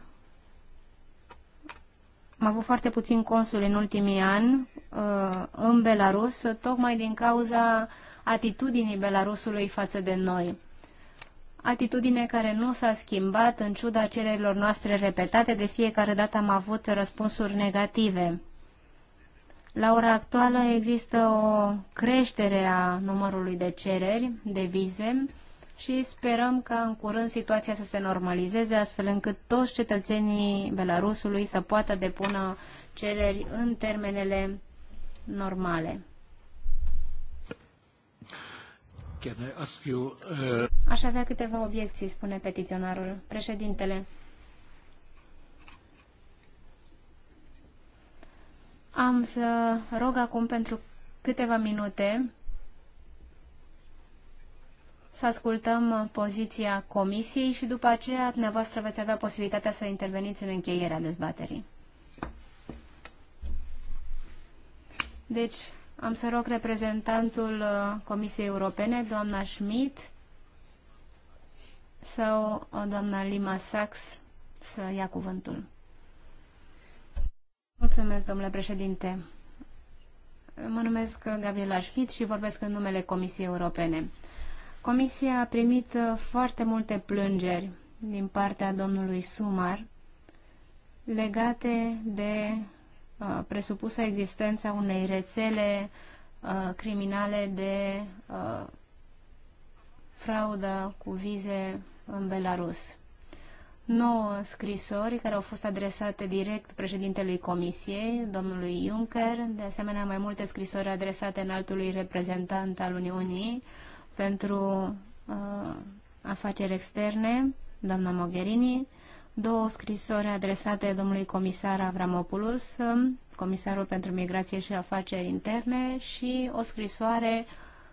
Am avut foarte puțini consuli în ultimii ani uh, în Belarus, tocmai din cauza atitudinii Belarusului față de noi. Atitudine care nu s-a schimbat în ciuda cererilor noastre repetate, de fiecare dată am avut răspunsuri negative. La ora actuală există o creștere a numărului de cereri de vize, și sperăm ca în curând situația să se normalizeze, astfel încât toți cetățenii Belarusului să poată depună cereri în termenele normale. Uh, Aș avea câteva obiecții, spune petiționarul. Președintele. Am să rog acum pentru câteva minute să ascultăm uh, poziția comisiei și după aceea dumneavoastră veți avea posibilitatea să interveniți în încheierea dezbaterii. Deci, am să rog reprezentantul uh, Comisiei Europene, doamna Schmidt, sau uh, doamna Lima Sachs să ia cuvântul. Mulțumesc, domnule președinte. Mă numesc Gabriela Schmidt și vorbesc în numele Comisiei Europene. Comisia a primit uh, foarte multe plângeri din partea domnului Sumar legate de uh, presupusa existența unei rețele uh, criminale de uh, fraudă cu vize în Belarus. Nouă scrisori care au fost adresate direct președintelui Comisiei, domnului Juncker, de asemenea mai multe scrisori adresate înaltului reprezentant al Uniunii, uh, pentru uh, afaceri externe, doamna Mogherini, două scrisori adresate domnului comisar Avramopoulos, um, comisarul pentru migrație și afaceri interne, și o scrisoare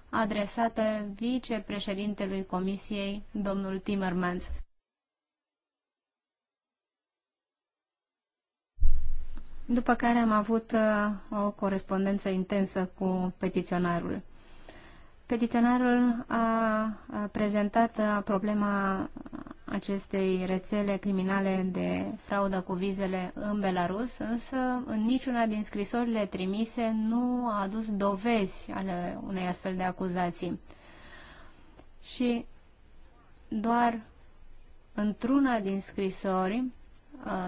adresată vicepreședintelui comisiei, domnul Timmermans. După care am avut uh, o corespondență intensă cu petiționarul. Petiționarul a prezentat problema acestei rețele criminale de fraudă cu vizele în Belarus, însă în niciuna din scrisorile trimise nu a adus dovezi ale unei astfel de acuzații. Și doar într-una din scrisori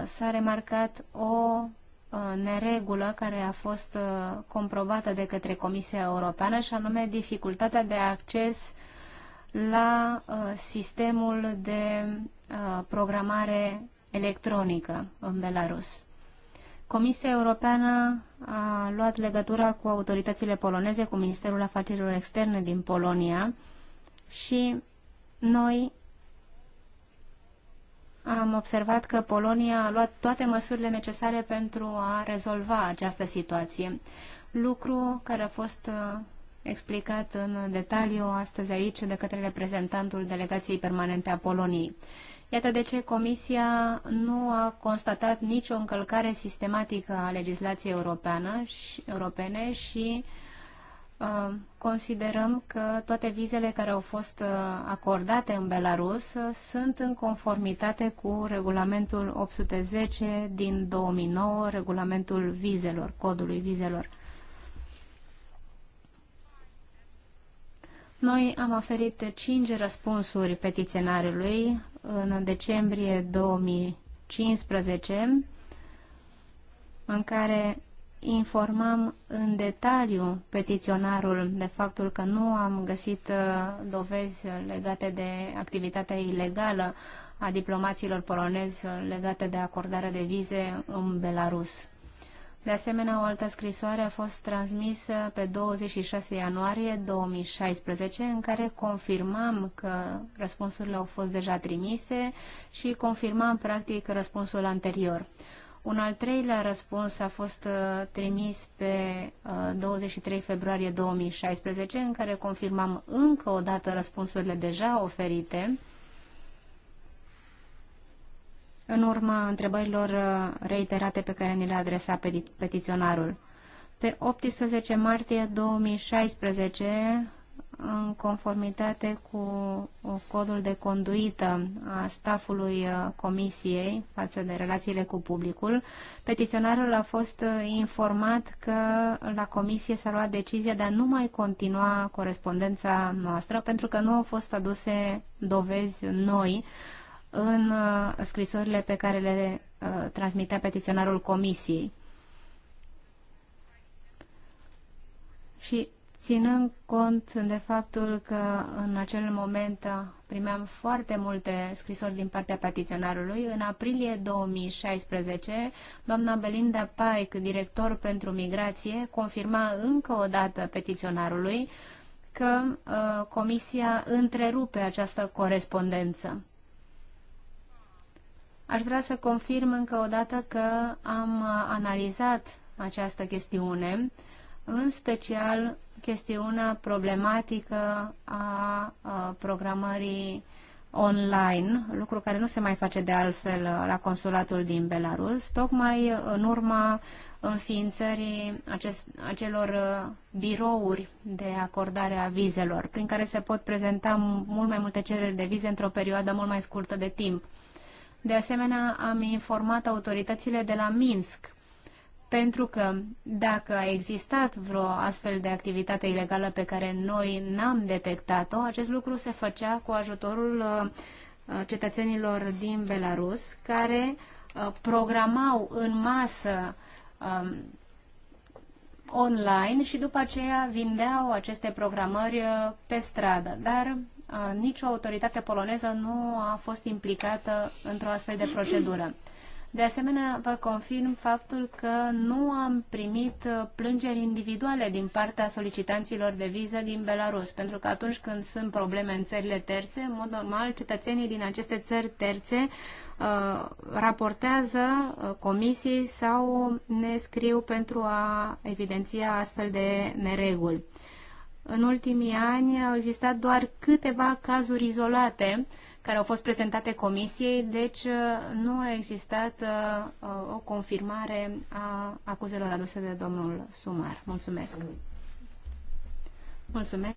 s-a remarcat o Uh, neregulă care a fost uh, comprobată de către Comisia Europeană și anume dificultatea de acces la uh, sistemul de programare electronică în Belarus. Comisia Europeană a luat legătura cu autoritățile poloneze, cu Ministerul Afacerilor Externe din Polonia și noi am observat că Polonia a luat toate măsurile necesare pentru a rezolva această situație. Lucru care a fost uh, explicat în detaliu astăzi aici de către reprezentantul Delegației Permanente a Poloniei. Iată de ce Comisia nu a constatat nicio încălcare sistematică a legislației europeană și, europene și uh, Uh, considerăm că toate vizele care au fost uh, acordate în Belarus uh, sunt în conformitate cu regulamentul 810 din 2009, regulamentul vizelor, codului vizelor. Noi am oferit cinci răspunsuri petiționarului în decembrie 2015, în care informam în detaliu petiționarul de faptul că nu am găsit uh, dovezi legate de activitatea ilegală a diplomaților polonezi legate de acordarea de vize în Belarus. De asemenea, o altă scrisoare a fost transmisă pe 26 ianuarie 2016, în care confirmam că răspunsurile au fost deja trimise și confirmam, practic, răspunsul anterior. Un al treilea răspuns a fost uh, trimis pe 23 uh, februarie 2016, în care confirmam încă o dată răspunsurile deja oferite în urma întrebărilor uh, reiterate pe care ni le-a adresat petiționarul. Pe 18 martie 2016 în conformitate cu codul de conduită a stafului uh, comisiei față de relațiile cu publicul, petiționarul a fost uh, informat că la comisie s-a luat decizia de a nu mai continua corespondența noastră pentru că nu au fost aduse dovezi noi în uh, scrisorile pe care le transmitea petiționarul comisiei. Și ținând cont de faptul că în acel moment primeam foarte multe scrisori din partea petiționarului. În aprilie 2016, doamna Belinda Paic, director pentru migrație, confirma încă o dată petiționarului că uh, comisia întrerupe această corespondență. Aș vrea să confirm încă o dată că am analizat această chestiune, în special chestiunea problematică a, a programării online, lucru care nu se mai face de altfel la consulatul din Belarus, tocmai în urma înființării acest, acelor uh, birouri de acordare a vizelor, prin care se pot prezenta mult mai multe cereri de vize într-o perioadă mult mai scurtă de timp. De asemenea, am informat autoritățile de la Minsk pentru că dacă a existat vreo astfel de activitate ilegală pe care noi n-am detectat-o, acest lucru se făcea cu ajutorul uh, uh, cetățenilor din Belarus, care uh, programau în masă um, online și după aceea vindeau aceste programări pe stradă. Dar nicio autoritate poloneză nu a fost implicată într-o astfel de procedură. De asemenea, vă confirm faptul că nu am primit uh, plângeri individuale din partea solicitanților de viză din Belarus, pentru că atunci când sunt probleme în țările terțe, în mod normal, cetățenii din aceste țări terțe uh, raportează uh, comisiei sau ne scriu pentru a evidenția astfel de nereguli. În ultimii ani au existat doar câteva cazuri izolate uh, care au fost prezentate comisiei, deci uh, nu a existat uh, o confirmare a acuzelor aduse de domnul Sumar. Mulțumesc! Mulțumesc!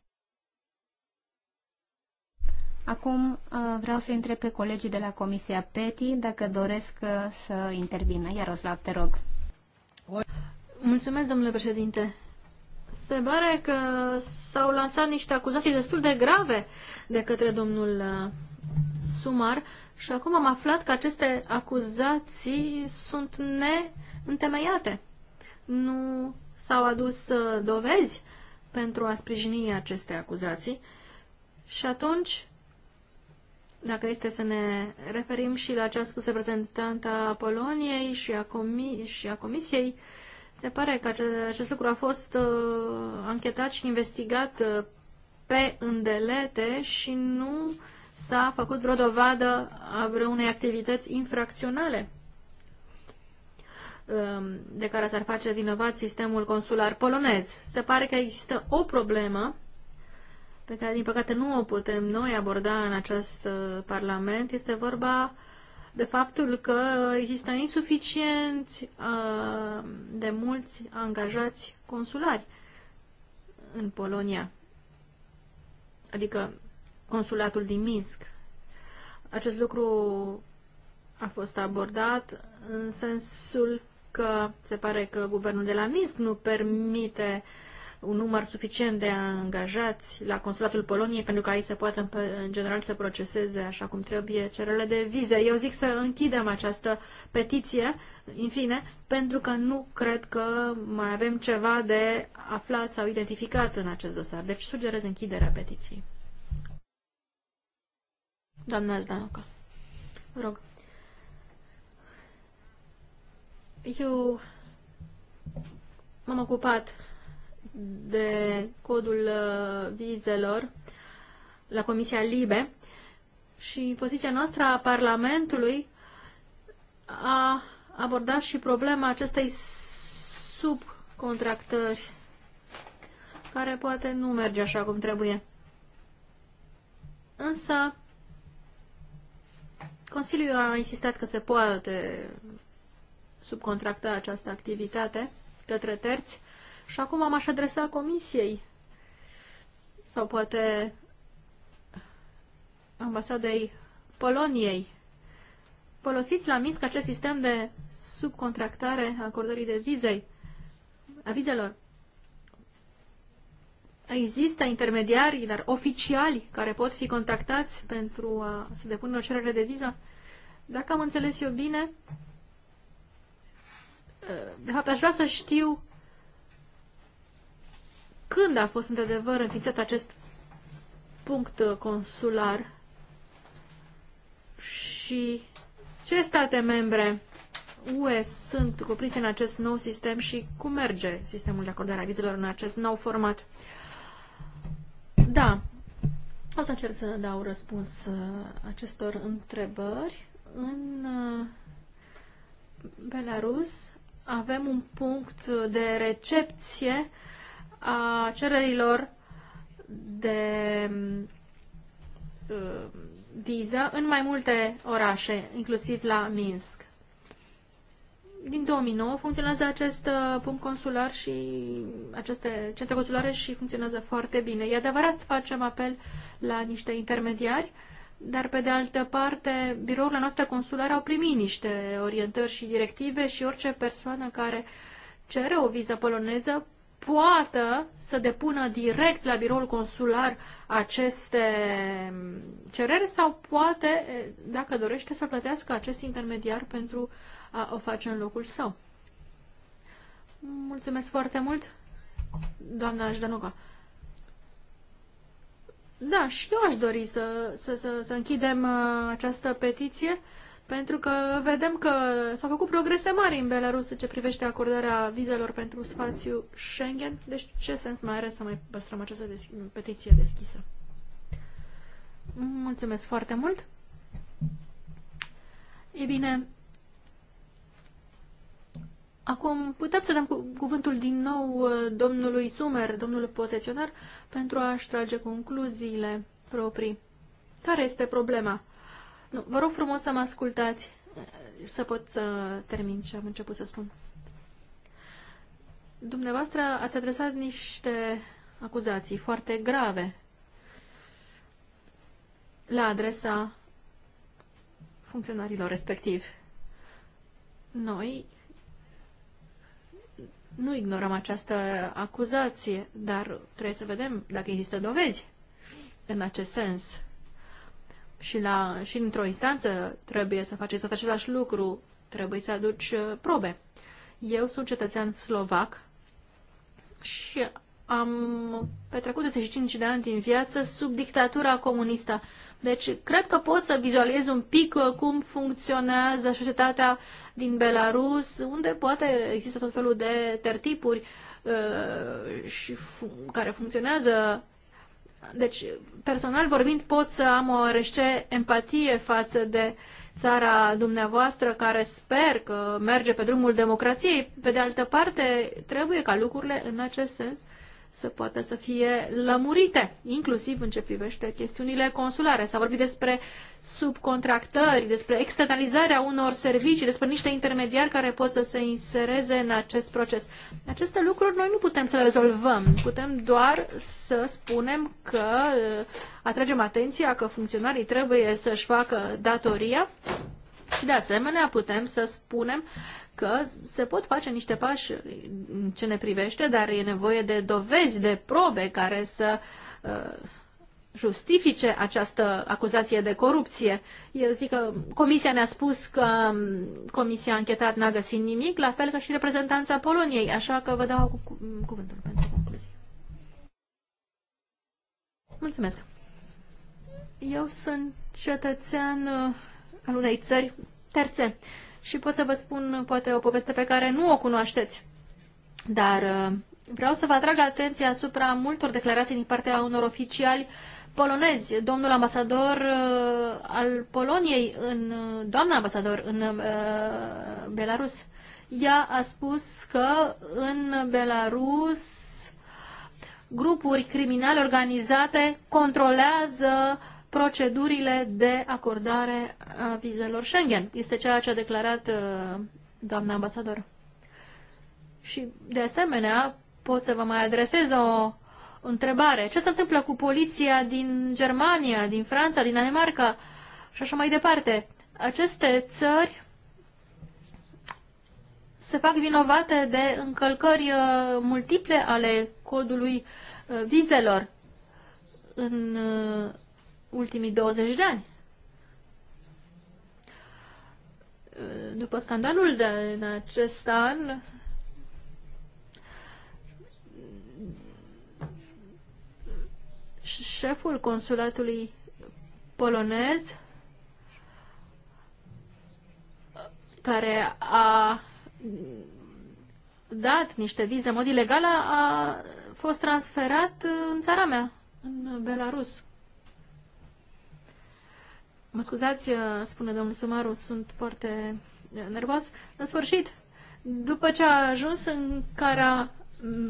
Acum uh, vreau să întreb pe colegii de la Comisia PETI dacă doresc să intervină. Iaroslav, te rog. Mulțumesc, domnule președinte. Se pare că s-au lansat niște acuzații destul de grave de către domnul sumar și acum am aflat că aceste acuzații sunt neîntemeiate. Nu s-au adus uh, dovezi pentru a sprijini aceste acuzații și atunci, dacă este să ne referim și la ce a spus reprezentanta Poloniei și a, comi- și a Comisiei, se pare că acest, lucru a fost uh, anchetat și investigat uh, pe îndelete și nu s-a făcut vreo dovadă a vreunei activități infracționale um, de care s-ar face vinovat sistemul consular polonez. Se pare că există o problemă pe care, din păcate, nu o putem noi aborda în acest uh, Parlament. Este vorba de faptul că există insuficienți uh, de mulți angajați consulari în Polonia. Adică consulatul din Minsk. Acest lucru a fost abordat în sensul că se pare că guvernul de la Minsk nu permite un număr suficient de angajați la consulatul Poloniei pentru că aici se poate în general să proceseze așa cum trebuie cerele de vize. Eu zic să închidem această petiție, în fine, pentru că nu cred că mai avem ceva de aflat sau identificat în acest dosar. Deci sugerez închiderea petiției. Doamna Zdanoca, rog. Eu m-am ocupat de codul uh, vizelor la Comisia Libe și poziția noastră a Parlamentului a abordat și problema acestei subcontractări care poate nu merge așa cum trebuie. Însă, Consiliul a insistat că se poate subcontracta această activitate către terți și acum am aș adresa Comisiei sau poate ambasadei Poloniei. Folosiți la Minsk acest sistem de subcontractare a acordării de vizei, a vizelor. Există intermediari, dar oficiali, care pot fi contactați pentru a se depună o cerere de viză? Dacă am înțeles eu bine, de fapt aș vrea să știu când a fost într-adevăr înființat acest punct consular și ce state membre UE sunt cuprinse în acest nou sistem și cum merge sistemul de acordare a vizelor în acest nou format. Da, o să încerc să dau răspuns uh, acestor întrebări. În uh, Belarus avem un punct de recepție a cererilor de uh, viză în mai multe orașe, inclusiv la Minsk din 2009 funcționează acest uh, punct consular și aceste centre consulare și funcționează foarte bine. E adevărat, facem apel la niște intermediari, dar pe de altă parte, birourile noastre consulare au primit niște orientări și directive și orice persoană care cere o viză poloneză poată să depună direct la biroul consular aceste cereri sau poate, eh, dacă dorește, să plătească acest intermediar pentru a o face în locul său. Mulțumesc foarte mult, doamna Ajdanuca. Da, și eu aș dori să, să, să, să închidem uh, această petiție, pentru că vedem că s-au făcut progrese mari în Belarus ce privește acordarea vizelor pentru spațiu Schengen. Deci ce sens mai are să mai păstrăm această desch- petiție deschisă? Mulțumesc foarte mult! E bine, Acum putem să dăm cu cuvântul din nou uh, domnului Sumer, domnul poteționar, pentru a-și trage concluziile proprii. Care este problema? Nu, vă rog frumos să mă ascultați, uh, să pot să termin ce am început să spun. Dumneavoastră ați adresat niște acuzații foarte grave la adresa funcționarilor respectivi. Noi nu ignorăm această acuzație, dar trebuie să vedem dacă există dovezi în acest sens. Și, la, și într-o instanță trebuie să faceți tot același lucru, trebuie să aduci uh, probe. Eu sunt cetățean slovac și am petrecut 25 de ani din viață sub dictatura comunistă. Deci, cred că pot să vizualizez un pic uh, cum funcționează societatea din Belarus, unde poate există tot felul de tertipuri uh, și care funcționează. Deci, personal vorbind, pot să am o rește empatie față de țara dumneavoastră, care sper că merge pe drumul democrației. Pe de altă parte, trebuie ca lucrurile în acest sens uh, să poată să fie lămurite, inclusiv în ce privește chestiunile consulare. S-a vorbit despre subcontractări, despre externalizarea unor servicii, despre niște intermediari care pot să se insereze în acest proces. Aceste lucruri noi nu putem să le rezolvăm, putem doar să spunem că uh, atragem atenția că funcționarii trebuie să-și facă datoria și de asemenea putem să spunem că se pot face niște pași în ce ne privește, dar e nevoie de dovezi, de probe care să uh, justifice această acuzație de corupție. Eu zic că comisia ne-a spus că um, comisia a închetat n-a găsit nimic, la fel ca și reprezentanța Poloniei, așa că vă dau cu cuvântul pentru concluzie. Mulțumesc. Eu sunt cetățean uh, al unei țări terțe și pot să vă spun poate o poveste pe care nu o cunoașteți. Dar uh, vreau să vă atrag atenția asupra multor declarații din partea unor oficiali polonezi. Domnul ambasador uh, al Poloniei, în, uh, doamna ambasador în Belarus, ea a spus că în Belarus grupuri criminale organizate controlează uh, procedurile de acordare a vizelor Schengen. Este ceea ce a declarat uh, doamna ambasador. Și, de asemenea, pot să vă mai adresez o întrebare. Ce se întâmplă cu poliția din Germania, din Franța, din Danemarca și așa mai departe? Aceste țări se fac vinovate de încălcări uh, multiple ale codului uh, vizelor. În ultimii 20 de ani. După scandalul de în acest an, șeful consulatului polonez care a dat niște vize în mod ilegal a fost transferat în țara mea, în Belarus. Mă scuzați, uh, spune domnul Sumaru, sunt foarte uh, nervos. În sfârșit, după ce a ajuns în, cara,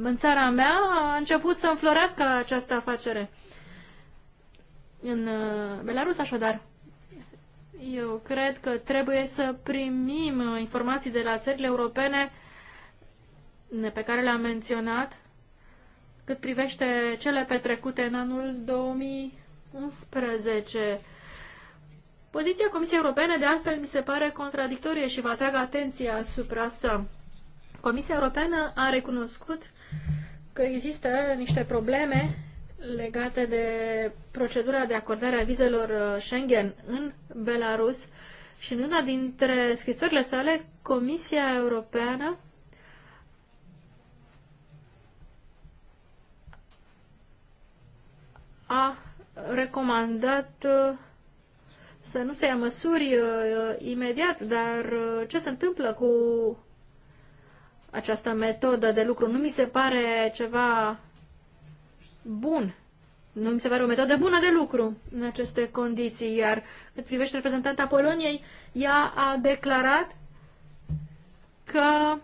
în țara mea, a început să înflorească această afacere. În uh, Belarus, așadar. Eu cred că trebuie să primim informații de la țările europene pe care le-am menționat cât privește cele petrecute în anul 2011 Poziția Comisiei Europene, de altfel, mi se pare contradictorie și vă atrag atenția asupra sa. Comisia Europeană a recunoscut că există niște probleme legate de procedura de acordare a vizelor uh, Schengen în Belarus și în una dintre scrisorile sale, Comisia Europeană a recomandat uh, să nu se ia măsuri uh, uh, imediat, dar uh, ce se întâmplă cu această metodă de lucru? Nu mi se pare ceva bun. Nu mi se pare o metodă bună de lucru în aceste condiții, iar cât privește reprezentanta Poloniei, ea a declarat că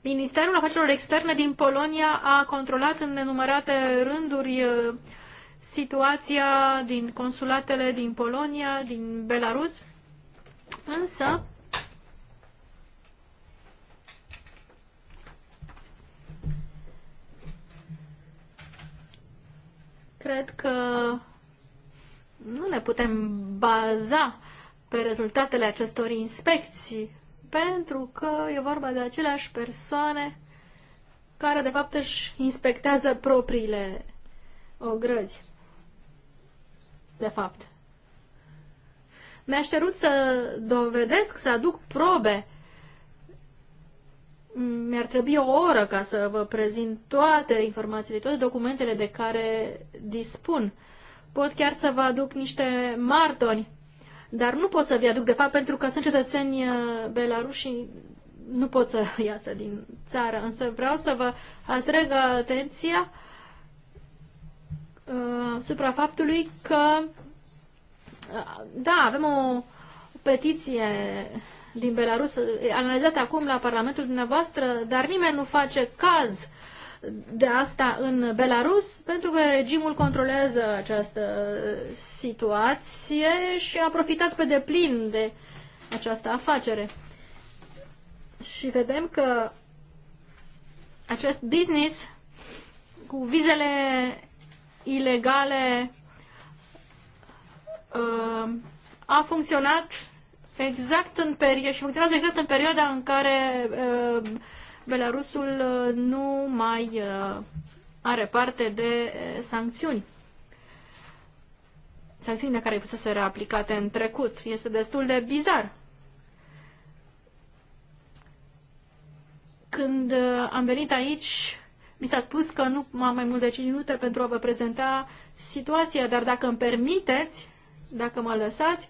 Ministerul Afacerilor Externe din Polonia a controlat în nenumărate rânduri uh, situația din consulatele din Polonia, din Belarus, însă cred că nu ne putem baza pe rezultatele acestor inspecții, pentru că e vorba de aceleași persoane care, de fapt, își inspectează propriile grăzi. De fapt. Mi-aș cerut să dovedesc, să aduc probe. Mi-ar trebui o oră ca să vă prezint toate informațiile, toate documentele de care dispun. Pot chiar să vă aduc niște martori, dar nu pot să vi aduc, de fapt, pentru că sunt cetățeni uh, belaruși nu pot să iasă din țară, însă vreau să vă atrag atenția Uh, asupra faptului că, uh, da, avem o petiție din Belarus analizată acum la Parlamentul dumneavoastră, dar nimeni nu face caz de asta în Belarus, pentru că regimul controlează această situație și a profitat pe deplin de această afacere. Și vedem că acest business cu vizele ilegale uh, a funcționat exact în perioada și funcționează exact în perioada în care uh, Belarusul uh, nu mai are parte de sancțiuni. Sancțiunile care se aplicate în trecut. Este destul de bizar. Când am venit aici, mi s-a spus că nu am mai mult de 5 minute pentru a vă prezenta situația, dar dacă îmi permiteți, dacă mă lăsați,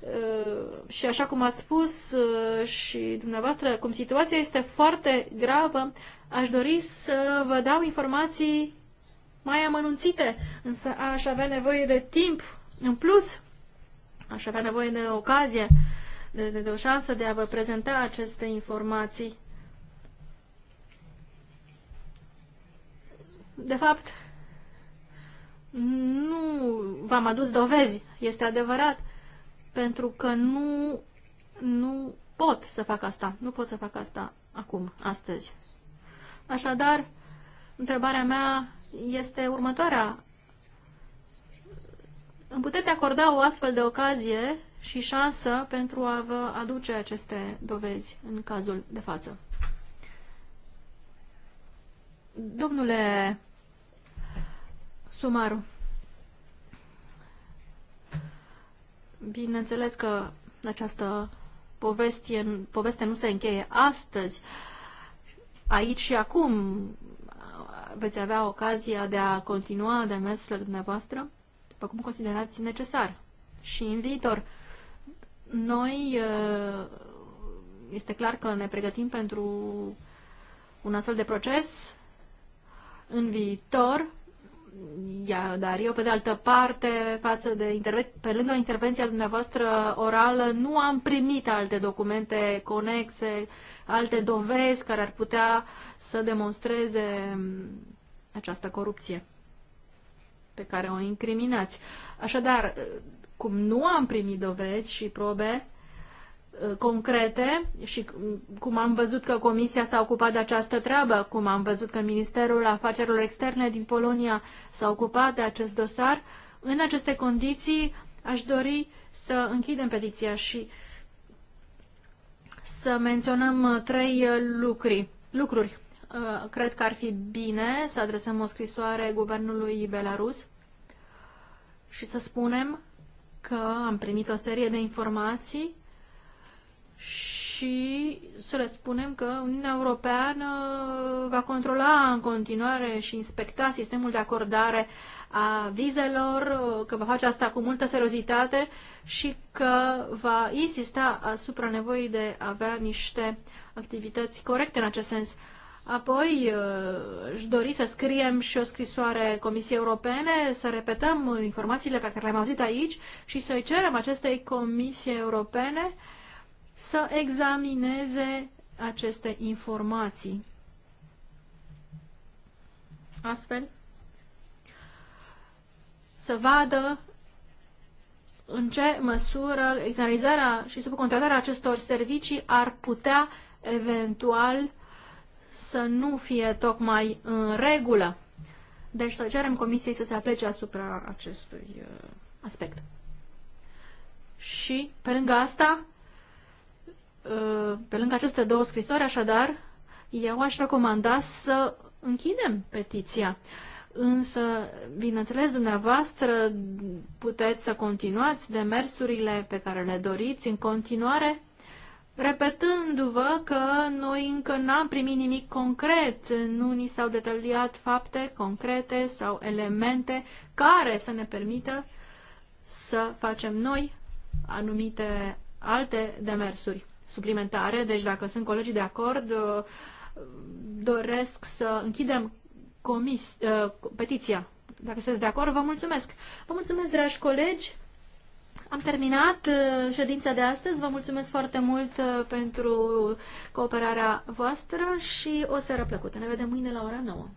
uh, și așa cum ați spus uh, și dumneavoastră, cum situația este foarte gravă, aș dori să vă dau informații mai amănunțite, însă aș avea nevoie de timp în plus, aș avea nevoie de ocazie, de, de, de o șansă de a vă prezenta aceste informații. de fapt, nu v-am adus dovezi, este adevărat, pentru că nu, nu pot să fac asta, nu pot să fac asta acum, astăzi. Așadar, întrebarea mea este următoarea. Îmi puteți acorda o astfel de ocazie și șansă pentru a vă aduce aceste dovezi în cazul de față? Domnule Sumaru. Bineînțeles că această povestie, poveste nu se încheie astăzi. Aici și acum veți avea ocazia de a continua demersurile dumneavoastră, după cum considerați necesar. Și în viitor, noi eh, este clar că ne pregătim pentru un astfel de proces în viitor dar eu, pe de altă parte, față de intervenție, pe lângă intervenția dumneavoastră orală, nu am primit alte documente conexe, alte dovezi care ar putea să demonstreze mm, această corupție pe care o incriminați. Așadar, cum nu am primit dovezi și probe, Uh, concrete și cum am văzut că Comisia s-a ocupat de această treabă, cum am văzut că Ministerul Afacerilor Externe din Polonia s-a ocupat de acest dosar, în aceste condiții aș dori să închidem petiția și să menționăm uh, trei uh, lucruri. lucruri. Cred că ar fi bine să adresăm o scrisoare guvernului Belarus și să spunem că am primit o serie de informații și să le spunem că Uniunea Europeană va controla în continuare și inspecta sistemul de acordare a vizelor, că va face asta cu multă seriozitate și că va insista asupra nevoii de a avea niște activități corecte în acest sens. Apoi își uh, dori să scriem și o scrisoare Comisiei Europene, să repetăm informațiile pe care le-am auzit aici și să-i cerem acestei Comisii Europene uh, să examineze aceste informații. Astfel, să vadă în ce măsură externalizarea și subcontratarea acestor servicii ar putea eventual să nu fie tocmai în regulă. Deci să cerem comisiei să se aplece asupra acestui uh, aspect. Și, pe lângă asta, Uh, pe lângă aceste două scrisori, așadar, eu aș recomanda să închidem petiția. Însă, bineînțeles, dumneavoastră puteți să continuați demersurile pe care le doriți în continuare, repetându-vă că noi încă n-am primit nimic concret, nu ni s-au detaliat fapte concrete sau elemente care să ne permită să facem noi anumite alte demersuri suplimentare, deci dacă sunt colegii de acord, uh, doresc să închidem comis, uh, petiția. Dacă sunteți de acord, vă mulțumesc. Vă mulțumesc, dragi colegi. Am terminat uh, ședința de astăzi. Vă mulțumesc foarte mult pentru cooperarea voastră și o seară plăcută. Ne vedem mâine la ora 9.